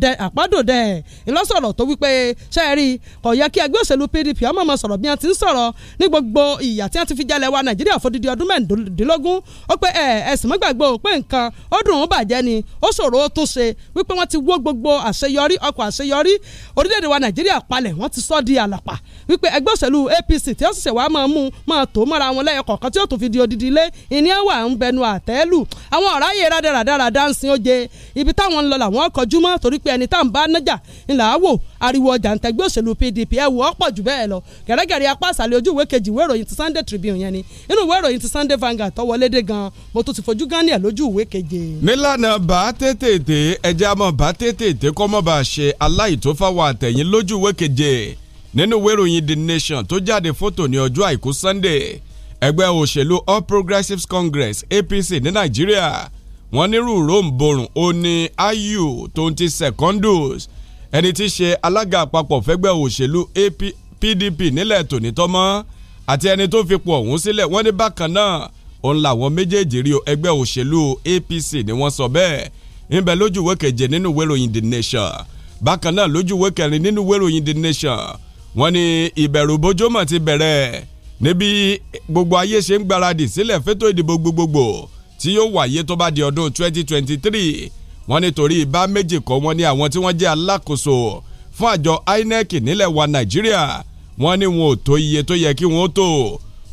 dẹ àpádòdẹ ìlọsọ̀rọ̀ tó wípé ṣe é rí kò yẹ kí ẹgbẹ́ òṣèlú PDP ọmọ ọmọ sọ̀rọ̀ bí wọ́n ti ń sọ̀rọ̀ ní gbogbo ìyà tí wọ́n ti fi jalè wa Nàìjíríà fòdìdí ọdún mẹ́ẹ̀ẹ́dínlógún ó pé ẹ ẹ̀sìn mọ́gbàgbọ́ pé nǹkan ó dùn ún bàjẹ́ ni ó ṣòro ó tún ṣe wípé wọ́n ti wó gbogbo àṣeyọrí ọkọ̀ àṣeyọrí orílẹ̀-èdè wa Nàìjíríà palẹ̀ wọ́n ti sọ́ di àlàpà wípé ẹgbẹ́ òṣèlú APC tí ó sì ṣe wàá máa mú máa tó mọ́ra wọn lẹ́yọ kọ̀ọ̀kan tí ó tún fi di odidi ilé ìní wà ń bẹnu àtẹ́lù àwọn ọ̀ráyè rádaràdára dáńsìn ó je ibi táwọn ń lọ làwọn kọjú mọ́ torí pé ẹni tá à ń bá nájà ńlá wò ariwo ọjà ń tẹgbẹ́ òṣèlú PDP ẹ wò ó pọ̀ jù bẹ́ẹ̀ lọ gẹ̀rẹ́gẹ̀rẹ́ apá àṣàlẹ̀ ojú ìwé kejì ìwé ìròyìn ti Sunday Tribune yẹn ni inú ìwé ìròyìn ti Sunday Vanguard tó wọlé gan mo tún ti fojú gan ní lójú ìwé keje. nílànà bá tètè ẹja mọ̀ bá tètè kọ́ mọ́ bá ṣe aláìtófáwọ̀ àtẹ̀yìn lójú ìwé keje nínú ìwé ìròyìn The Nation tó jáde fótò ní ọjọ́ àìkú Sunday ẹgbẹ́ òṣèlú All Progressives Congress APC ní Nàìjíríà wọ́n ní rúurú ń borùn ó ní ayu twenty secondos ẹni tí í ṣe alága àpapọ̀ fẹ́gbẹ́ òṣèlú PDP nílẹ̀ tònítọ́mọ́ àti ẹni tó fipò ọ̀hún sílẹ̀ wọ́n ní bákan náà òun làwọn méjèèjì rí ẹgbẹ́ òṣèlú APC ni wọ́n sọ bẹ́ẹ̀ ńbẹ lójú ìwé keje nínú ìwé ìròyìn The Nation bákan náà lójú ìwé kẹrin nínú ìwé ìròyìn The Nation wọ́n ní ìbẹ̀rù bójúmọ̀ ti bẹ̀rẹ̀ níbi gbogbo ayé ṣe ń gbaradì sílẹ̀ fẹ́tọ̀ ìdìbò gbogbogbò tí yóò wáyé tó bá di ọdún 2023 wọ́n nítorí bá méjì kọ́ wọ́n ní àwọn tí wọ́n jẹ́ alákòóso fún àjọ INEC nílẹ̀ wa Nàìjíríà wọ́n ní wọn ò tó iye tó yẹ kí wọ́n tó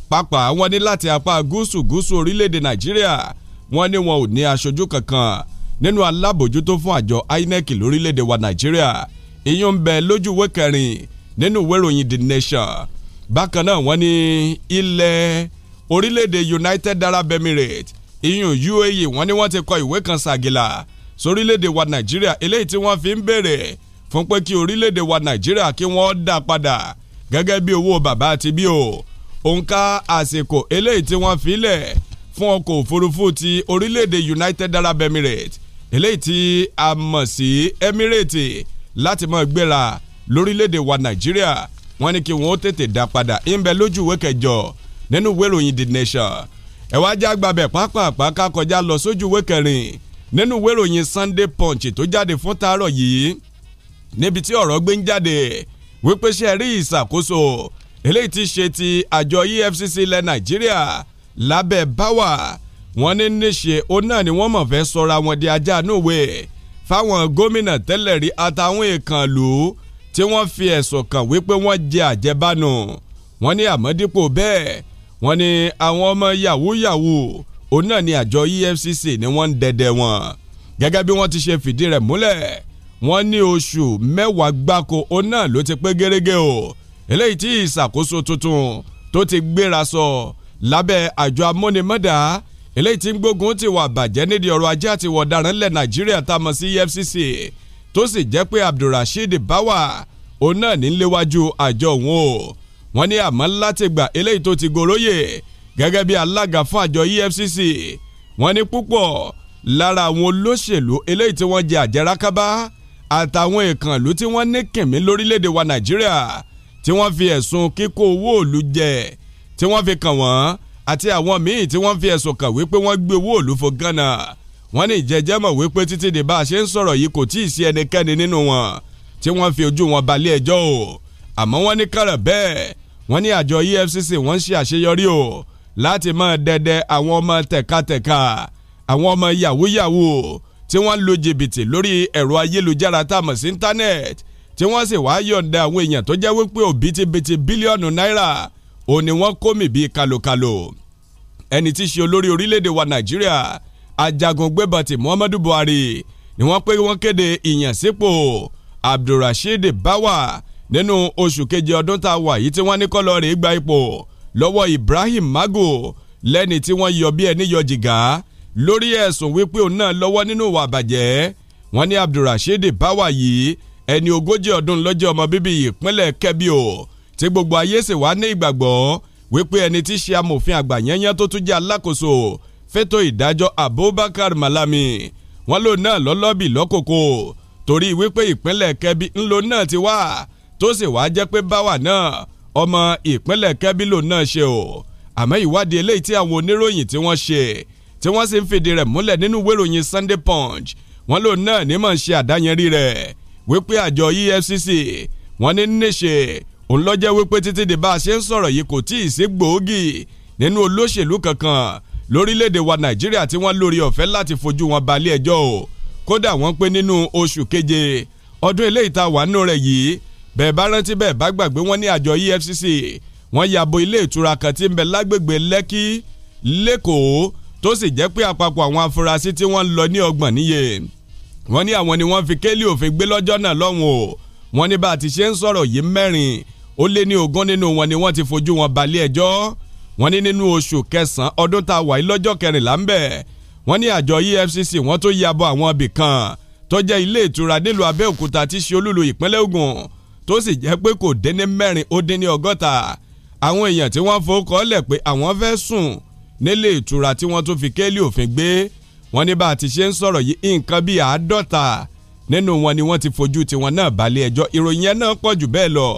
pápá wọ́n ní láti apá gúúsù gúúsù orílẹ̀-èdè Nàìjíríà wọ́n ní wọn ò ní aṣojú kankan nínú alábòjútó fún àjọ INEC lórílẹ̀-èdè wa Nàìjíríà ìyún ń bẹ lójú ìwé kẹrin nínú ìwé ìròyìn The Nation bákan náà wọ́n ní ilẹ̀ orílẹ̀-èdè United Arab Emirates iyun UAE wọ́n ní wọ́n ti kọ ìwé kan ṣàgìlà sórílẹ̀-èdè wa Nàìjíríà eléyìí tí wọ́n fi ń béèrè fún pé kí orílẹ̀-èdè wa Nàìjíríà kí wọ́n dá padà gẹ́gẹ́ bí owó bàbá àti bí o òǹkà àsìkò eléyìí tí wọ́n fi lẹ̀ fún ọkọ̀ òfurufú ti orílẹ̀-èdè United Arab Emirates eléyìí tí a mọ̀ sí Emirates láti máa gbéra lórílẹ̀-èdè wa Nàìjíríà wọ́n ní kí wọ́n tètè dá padà ń bẹ lójú ìwé kẹjọ nínú ìwé ìròyìn The Nation ẹ wá já gbàbẹ̀ pápápá ká kọjá lọ sójú ìwé kẹrin nínú ìwé ìròyìn Sunday Punch tó jáde fún tàárọ̀ yìí níbi tí ọ̀rọ̀ gbé ń jáde wípé ṣe rí ìṣàkóso eléyìí ti ṣe ti àjọ EFCC ilẹ̀ Nàìjíríà lábẹ́ báwà wọn ní níṣe ó náà ni wọ́n mọ̀ fẹ́ sọra wọn di ajá núwe fáwọn gómìnà tẹ́lẹ̀ rí àtàwọn èèkànlú tí wọ́n fi ẹ̀sùn kàn wípé wọ́n jẹ àjẹbánu wọn ní àmọ́ bẹ́ẹ̀ wọ́n ní àwọn ọmọ yahoo yahoo òun náà ni àjọ EFCC ni wọ́n ń dẹdẹ wọn gẹ́gẹ́ bí wọ́n ti ṣe fìdí rẹ̀ múlẹ̀ wọ́n ní oṣù mẹ́wàá gbáko òun náà ló ti pé gẹ́rẹ́gẹ́ o eléyìí tí ìṣàkóso tuntun tó ti gbéra sọ lábẹ́ àjọ amúnimọ́dà eléyìí tí ń gbógun ti wà bàjẹ́ nídìí ọrọ̀ ajé àti wọ̀daràn lẹ̀ Nàìjíríà tá a mọ̀ sí EFCC tó sì jẹ́ pé Abdulrasheed Báwà òun náà ní léwájú àjọ òun o wọ́n ní àmọ́ látìgbà eléyìí tó ti goróyè gẹ́gẹ́ bí alága fún àjọ EFCC wọ́n ní púpọ̀ lára àwọn olóṣèlú eléyìí tí wọ́n jẹ àjẹrákábá àtàwọn ìkànnlú tí wọ́n ní kìnmí lórílẹ̀‐èdè wa Nàìjíríà tí wọ́n fi ẹ̀sùn kíkó owó òlu jẹ tí wọ́n fi kàn wọ́n àti àwọn míì tí wọ́n fi ẹ̀sùn kàn wípé wọ́n gbé owó òlu fo Ghana wọ́n ní ìjẹ́jẹ́ mọ̀ wípé títí di bá a ṣe ń sọ̀rọ̀ yìí kò tí sí ẹnikẹ́ni nínú wọn tí wọ́n fi ojú wọn balẹ̀ ẹjọ́ o àmọ́ wọ́n ní kàrà bẹ́ẹ̀ wọ́n ní àjọ EFCC wọ́n ń ṣe àṣeyọrí o láti máa dẹdẹ àwọn ọmọ tẹ̀katẹ̀ka àwọn ọmọ yàwóyàwó tí wọ́n lu jìbìtì lórí ẹ̀rọ ayélujára tá a mọ̀ sí íńtánẹ́ẹ̀tì tí wọ́n sì wáá yọ̀ǹda àwọn èèyàn tó jẹ́ wípé òbítíbitì bílíọ̀nù náírà ò ní wọ́n kó mì bíi kalokalo ẹni tí í ṣe olórí orílẹ̀-èdè wa Nàìjíríà ajagun gbébọ̀tì Muhammadu Buhari ni wọ́n pé wọ́n kéde ìyànsípò Abdulrasheed Bawa nínú oṣù keje ọdún tá a wà yìí tí wọ́n ní kọ́lọ́ rè gba ipò lọ́wọ́ Ibrahim Mago lẹ́ni tí wọ́n yọ bí ẹni yọ jìgá lórí ẹ̀sùn wípé òun náà lọ́wọ́ nínú ìwà àbàjẹ́ wọ́n ní Abdulrasheed Báwà yìí ẹni ogójì ọdún lọ́jọ́ ọmọ bíbí ìpínlẹ̀ Kebbi o tí gbogbo ayé sì wá ní ìgbàgbọ́ wípé ẹni tí ṣe amòfin àgbà yẹnyẹn tó tún jẹ́ alákòóso fétò ìdájọ́ Abubakar Malami wọ́n lò náà lọ́lọ́bì lọ́kòkò torí wípé ìpínlẹ̀ Kebbi ńlò náà ti wá tó sì wá jẹ́ pé báwa náà ọmọ ìpínlẹ̀ kẹ́bílò náà ṣe o àmọ́ ìwádìí eléyìí tí àwọn oníròyìn tí wọ́n ṣe tí wọ́n sì ń fìdí rẹ̀ múlẹ̀ nínú ìwé Sunday Punch wọ́n lòun náà ní mọ̀ ń ṣe àdáyẹnrí rẹ̀ wípé àjọ EFCC wọ́n ní níṣe òun lọ́jẹ́ wípé títí di bá a ṣe ń sọ̀rọ̀ yìí kò tí ì sí gbòógì nínú olóṣèlú kankan lórílẹ̀‐èdè wa Nàìjíríà tí wọ́n lórí ọ̀fẹ́ láti fojú wọn balẹ̀ ẹjọ́ o kódà wọ́n pé nínú oṣù keje ọdún eléyìí tá wà nínú rẹ̀ yìí bẹ́ẹ̀ bá rántí bẹ́ẹ̀ bá gbàgbé wọ́n ní àjọ EFCC wọ́n yàbò ilé ìtura kan tí ń bẹ lágbègbè Lẹ́kì lẹ́kọ̀ọ́ tó sì jẹ́ pé àpapọ̀ àwọn afurasí tí wọ́n ń lọ ní ọgbọ̀n níye wọ́n ní àwọn ni wọ́n fi kélé òfin gbé lọ́jọ́ náà lọ́hùn o wọ́n ní bá a ti ṣe ń sọ̀rọ̀ yìí mẹ́rin ó lé ní ogún nínú wọn ni wọ́n ti fojú wọn balẹ̀ ẹjọ́ wọ́n ní nínú oṣù kẹsàn-án ọdún tá a wà yìí lọ́jọ́ kẹrìnlá ń bẹ̀ wọ́n ní àjọ EFCC wọ́n tó yabọ̀ àwọn ibì tó jẹ́ ilé ìtura nílùú Abẹ́òkúta tí ṣe olúlu ìpínlẹ̀ Ògùn tó sì jẹ́ pé kò dín ní mẹ́rin ó dín ní ọgọ́ta àwọn èèyàn tí wọ́n fowókọ́ lẹ̀ pé àwọn fẹ́ sùn nílé ìtura tí wọ́n tún fi kéèlì òfin gbé wọ́n ní bá a ti ṣe ń sọ̀rọ̀ yìí nǹkan bíi àádọ́ta nínú wọn ni wọ́n ti fojú tiwọn náà balẹ̀ ẹjọ́ ìròyìn náà pọ̀ jù bẹ́ẹ̀ lọ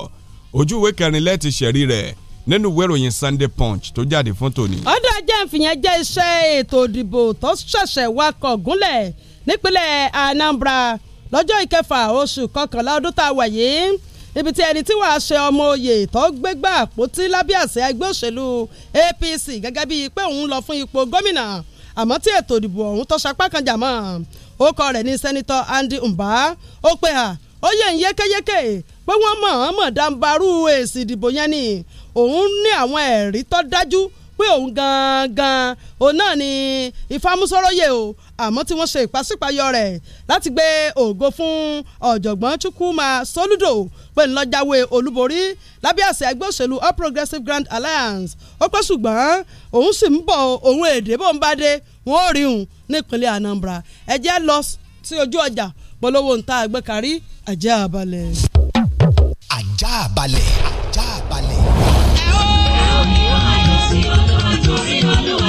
ojú ìwé kẹrinlẹ́ ti rẹ̀ nínú ìwé Sunday Punch tó jáde fún tòní. ọ̀dọ̀ ajá ìfìyàn jẹ́ iṣẹ́ ètò ìdìbò tó ṣẹ̀ṣẹ̀ wakọ̀ gúnlẹ̀ nípínlẹ̀ Anambra lọ́jọ́ ìkẹfà oṣù kọkànlá ọdún tá a wà yìí ibi tí ẹni tí wàá ṣe ọmọ oyè tó gbégbá àpótí lábẹ́ àṣẹ ẹgbẹ́ òṣèlú APC gẹ́gẹ́ bíi pé òun lọ fún ipò gómìnà àmọ́ tí ètò ìdìbò ọ̀hún tó sapá kan jà mọ́ orúkọ rẹ̀ ní sẹ́nitọ́ Andy Mba ó pè à ó yẹ̀ ń yékéyéké pé wọ́n mọ̀ ọ́n mọ̀ dáńbarú èsì ìdìbò yẹn ni òun ní àwọn ẹ̀rí tó dájú pé òun gangan òun náà ni ìfàmúsọ́rọ́yè o àmọ́ tí wọ́n ṣe ìpàsípàyọ rẹ̀ láti gbé ògo fún ọ̀jọ̀gbọ́n Chukwuma Soludo pé ńlọ́jàwé olúborí lábẹ́ àṣẹ ẹgbẹ́ òṣèlú All progressive Grand Alliance ó pẹ́ ṣùgbọ́n òun sì ń bọ̀ òun èdè bó ń bá dé wọ́n ò rí òun nípínlẹ̀ Anambra ẹ̀jẹ̀ lọ sí ojú ọjà polówó ń ta àgbẹ̀kárí ajá balẹ̀. ajá balẹ̀.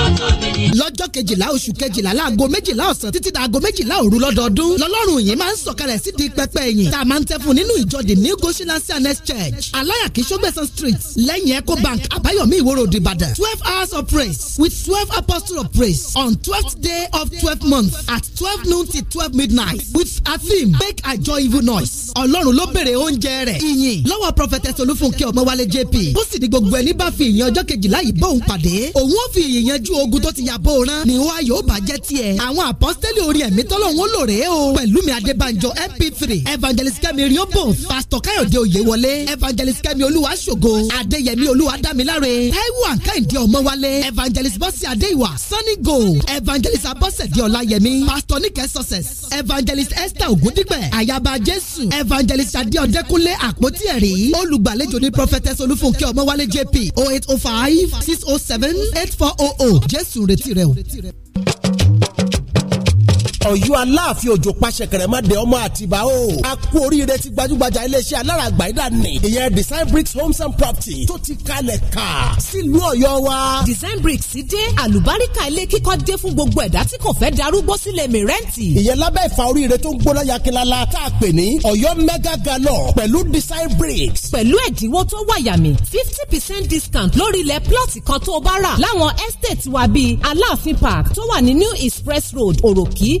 lọ́jọ́ kejìlá oṣù kejìlá láago méjìlá ọ̀sán títí dàago méjìlá òru lọ́dọọdún lọ́lọ́run yìí máa ń sọ̀kalẹ̀ sí di pẹpẹ yìí tá a máa ń tẹ́ fún nínú ìjọ the new goshenans ernest church alayaki sọgbẹ́sán street lẹ́yìn eco bank abayomi ìwòrò ìbàdàn twelve hours of praise with twelve apostle of praise on twelfth day of twelfth month at twelve noon till twelve midnight with a theme make a joyful noise ọlọ́run ló béèrè oúnjẹ rẹ̀ ìyìn lọ́wọ́ prophetess olúfúnkẹ́ ọmọwálé jp ó sì ní gbogbo ẹni bá fi ìyìn ọjọ́ kejìlá yìí bóun pàdé òun ojú ogun tó ti yàbọ̀ òran ni wá yóò bàjẹ́ tiẹ̀. àwọn àpọ́sítẹ́lì orin ẹ̀mí tọ́lọ́hún ó lòrè o. pẹ̀lúmi adébánjọ mp3 evangelist kẹ́mi riobo pastor káyọ̀dé oyèwọlé evangelist kẹ́mi olúwaṣògo adéyẹmí olúwadámiláre táíwò àǹkáìndé ọmọwálé evangelist bọ́sì adéìwà sunny go evangelist abọ́sẹ̀dé ọláyẹmí pastor níkẹ́ success evangelist esther ògúndígbẹ̀ àyàbá jésù evangelist adé ọdẹkúnlé àpótí ẹ̀rí olùgbàlejò ní prophetess olúfúnkẹ́ ọmọwálé jp oh 607 8400 o jésù retí rẹ o ọ̀yọ́ aláàfin òjò pàṣẹ kẹrẹmọdé ọmọ àtibá o a kú oríire ti gbajúgbajà iléeṣẹ́ aláràgbà ìdá ni ìyẹn design bricks homes and property tó ti kalẹ̀ ká sílùú ọ̀yọ́ wa. design bricks dé àlùbáríkà ilé kíkọ́ dé fún gbogbo ẹ̀dá tí kò fẹ́ darúgbó sílẹ̀ mi rẹ́ǹtì. ìyẹn lábẹ́ ìfà oríire tó ń gbóná yakilala tá a pè ní ọ̀yọ́ mega gallon pẹ̀lú design bricks. pẹ̀lú ẹ̀dínwó tó wáyàmì fifty percent discount lórí ilẹ̀ plọ̀tì kan tó bá rà láwọn estate wa bíi aláàfin park tó wà ní new express road òròkì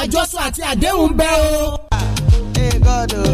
àjọsọ àti àdéhùn bẹ́ẹ̀ o. ẹ gọ́dọ̀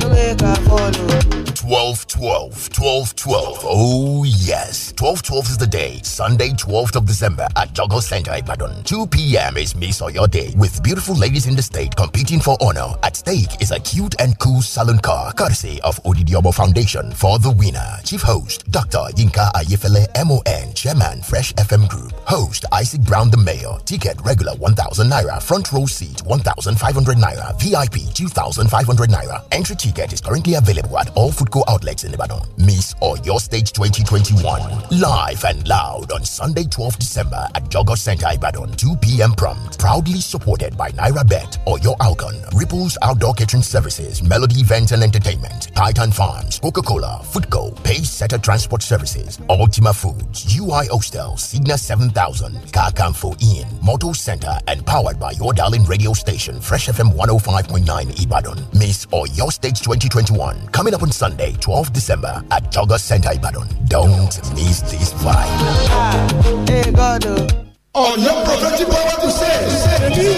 ló lè kà fọ́ọ̀nù. 12 12 12 12. Oh, yes. 12 12 is the day. Sunday, 12th of December at Jogo Center, Ibadan. 2 p.m. is Miss or Your Day with beautiful ladies in the state competing for honor. At stake is a cute and cool salon car courtesy of Odidiobo Foundation for the winner. Chief host, Dr. Yinka Ayefele, MON, Chairman, Fresh FM Group. Host, Isaac Brown, the Mayor. Ticket regular 1,000 Naira. Front row seat 1,500 Naira. VIP 2,500 Naira. Entry ticket is currently available at all food court outlets in Lebanon. Miss or Your Stage 2021. Live and loud on Sunday, 12 December at Jogger Center, Ibadan, 2 p.m. prompt. Proudly supported by Naira Bet or Your Alcon, Ripples Outdoor Kitchen Services, Melody Events and Entertainment, Titan Farms, Coca Cola, Foodco, Pace Setter Transport Services, Ultima Foods, UI Hostel, Signa 7000, Kakamfo Inn, Moto Center, and powered by your darling radio station, Fresh FM 105.9 Ibadan. Miss or Your Stage 2021. Coming up on Sunday. Twelfth 12 December at Jogger Center Ibadan. Don't miss this vibe. Oh. On your prophetic power to say,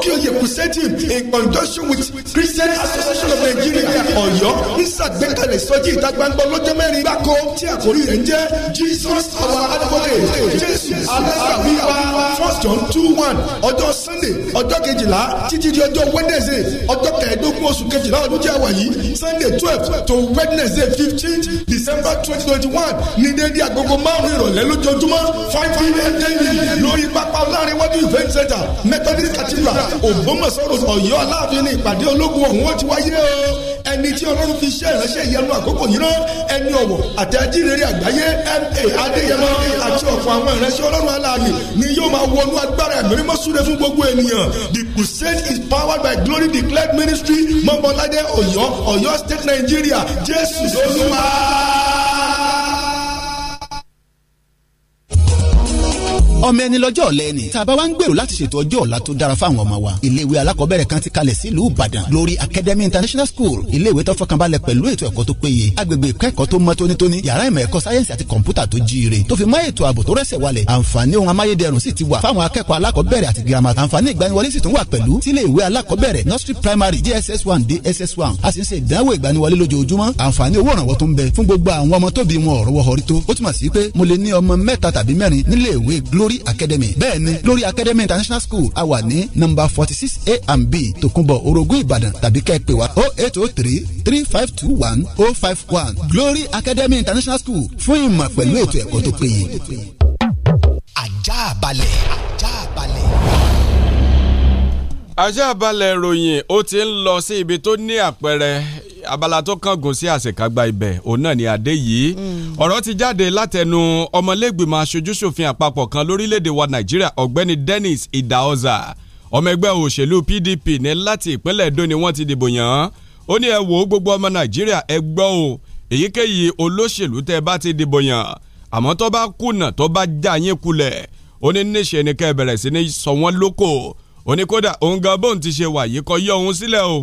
Òkèoyè Crusade in conjunction with Christian Association of Nigeria Ọ̀yọ́ ń ṣàgbékalẹ̀ ìsọjí ìta gbangba ọlọ́jọ́ mẹ́rin gbáko tí àkórí rẹ̀ ń jẹ́ Jesus our advocate Jésù alágbàwíwá first John two one ọjọ́ Sunday ọjọ́ kejìlá títí di ọjọ́ Wednesday ọjọ́ kẹẹ̀ẹ́dógún oṣù kejìlá ọdún tí a wà yìí Sunday twelve to Wednesday fifteen December twenty twenty one ní déédéé agogo márùn-ún ìrọ̀lẹ́ lójoojúmọ́ five five pm daily lórí pápá ọlárinwájú event center Methodist Cathedral Ògbómọ̀ṣọ́ Ọ̀yọ́ aláàfin ní ìpàdé ológun ọ̀hún ó ti wáyé o ẹni tí Ọlọ́run fi ṣe ìránṣẹ́ ìyanu àkókò yìí rán ẹni ọ̀wọ̀ àti ajíhìnrere àgbáyé ma Adéyẹmọ àti ọ̀pọ̀ àwọn ìránṣẹ́ Ọlọ́run aláàfin ni yóò máa wọnú agbára ẹ̀mí mọ́súre fún gbogbo ènìyàn the crusade is powered by glory declared ministry mọ́bọ́ládé Ọ̀yọ́ Ọ̀yọ́ state Nigeria Jésù lóluwàá. ọmọ ẹni lọ́jọ́ ọ̀la ẹni tá a bá wá ń gbèrò láti ṣètò ọjọ́ ọ̀la tó dára fáwọn ọmọ wa iléèwé alákọ̀ọ́bẹ̀rẹ̀ kan ti kalẹ̀ sílùú Ìbàdàn Glory Academy International School iléèwé tó fọkànbalẹ̀ pẹ̀lú ètò ẹ̀kọ́ tó péye agbègbè ìkẹ́kọ̀ọ́ tó mọ́ tónítóní yàrá ìmọ̀ ẹ̀kọ́ sáyẹ́nsì àti kọ̀ǹpútà tó jíire tó fi mọ́ ètò ààbò tó rẹ̀sẹ̀ walẹ̀ àǹfààní ohun amáyédẹrùn sì ti wà fáwọn akẹ́kọ̀ọ́ alákọ̀ọ́bẹ̀rẹ̀ àti girama àǹfààní ìgbaniwọlé sì tún wà pẹ̀lú tílé ìwé alákọ̀ọ́bẹ̀rẹ̀ nursery primary JSS one DSS one a sì ń ṣe ìdánwò ìgbaniwọlé lójoojúmọ́ àǹfààní owó ìrànwọ́ tó ń bẹ fún gbogbo àwọn ọmọ tóbi wọn ọ̀rọ̀wọ́ ọ̀rí tó ó túmọ̀ sí pé mo lè ní ọmọ mẹ́ta tàbí mẹ́rin nílé ìwé Glory lórí academy bẹ́ẹ̀ ni lórí academy international school a wà ní number forty six a and b tòkunbọ̀ orogún ìbàdàn tàbí kẹ́ ẹ pè wá o oh eight o oh three three five two one o oh five one glory academy international school fún ìmọ̀ pẹ̀lú ètò ẹ̀kọ́ tó péye. ajá balẹ̀ ajá balẹ̀ ajá balẹ̀ ìròyìn ó ti ń lọ sí ibi tó ní àpẹẹrẹ abala tó kángun sí àṣekágbá ibẹ̀ òun náà ni adé yìí mm. ọ̀rọ̀ ti jáde látẹnu ọmọlẹ́gbìmọ̀ aṣojúṣòfin àpapọ̀ kan lórílẹ̀‐èdè wa nàìjíríà ọ̀gbẹ́ni Dennis Idahosa ọmọ ẹgbẹ́ òṣèlú PDP ní láti ìpínlẹ̀ Èdó ni wọ́n ti dìbò yàn án ó ní ẹ wò gbogbo ọmọ nàìjíríà ẹ gbọ́ o èyíkéyìí olóṣèlú tẹ́ bá ti dìbò yàn àmọ́ tó bá kùnà tó bá já yín kulẹ̀ ó ní níṣẹ́ ni kẹ́ bẹ̀rẹ̀ sí ní sọ wọ́n lóko ó ní kódà òun gan bóun ti ṣe wà yọ òun sílẹ̀ o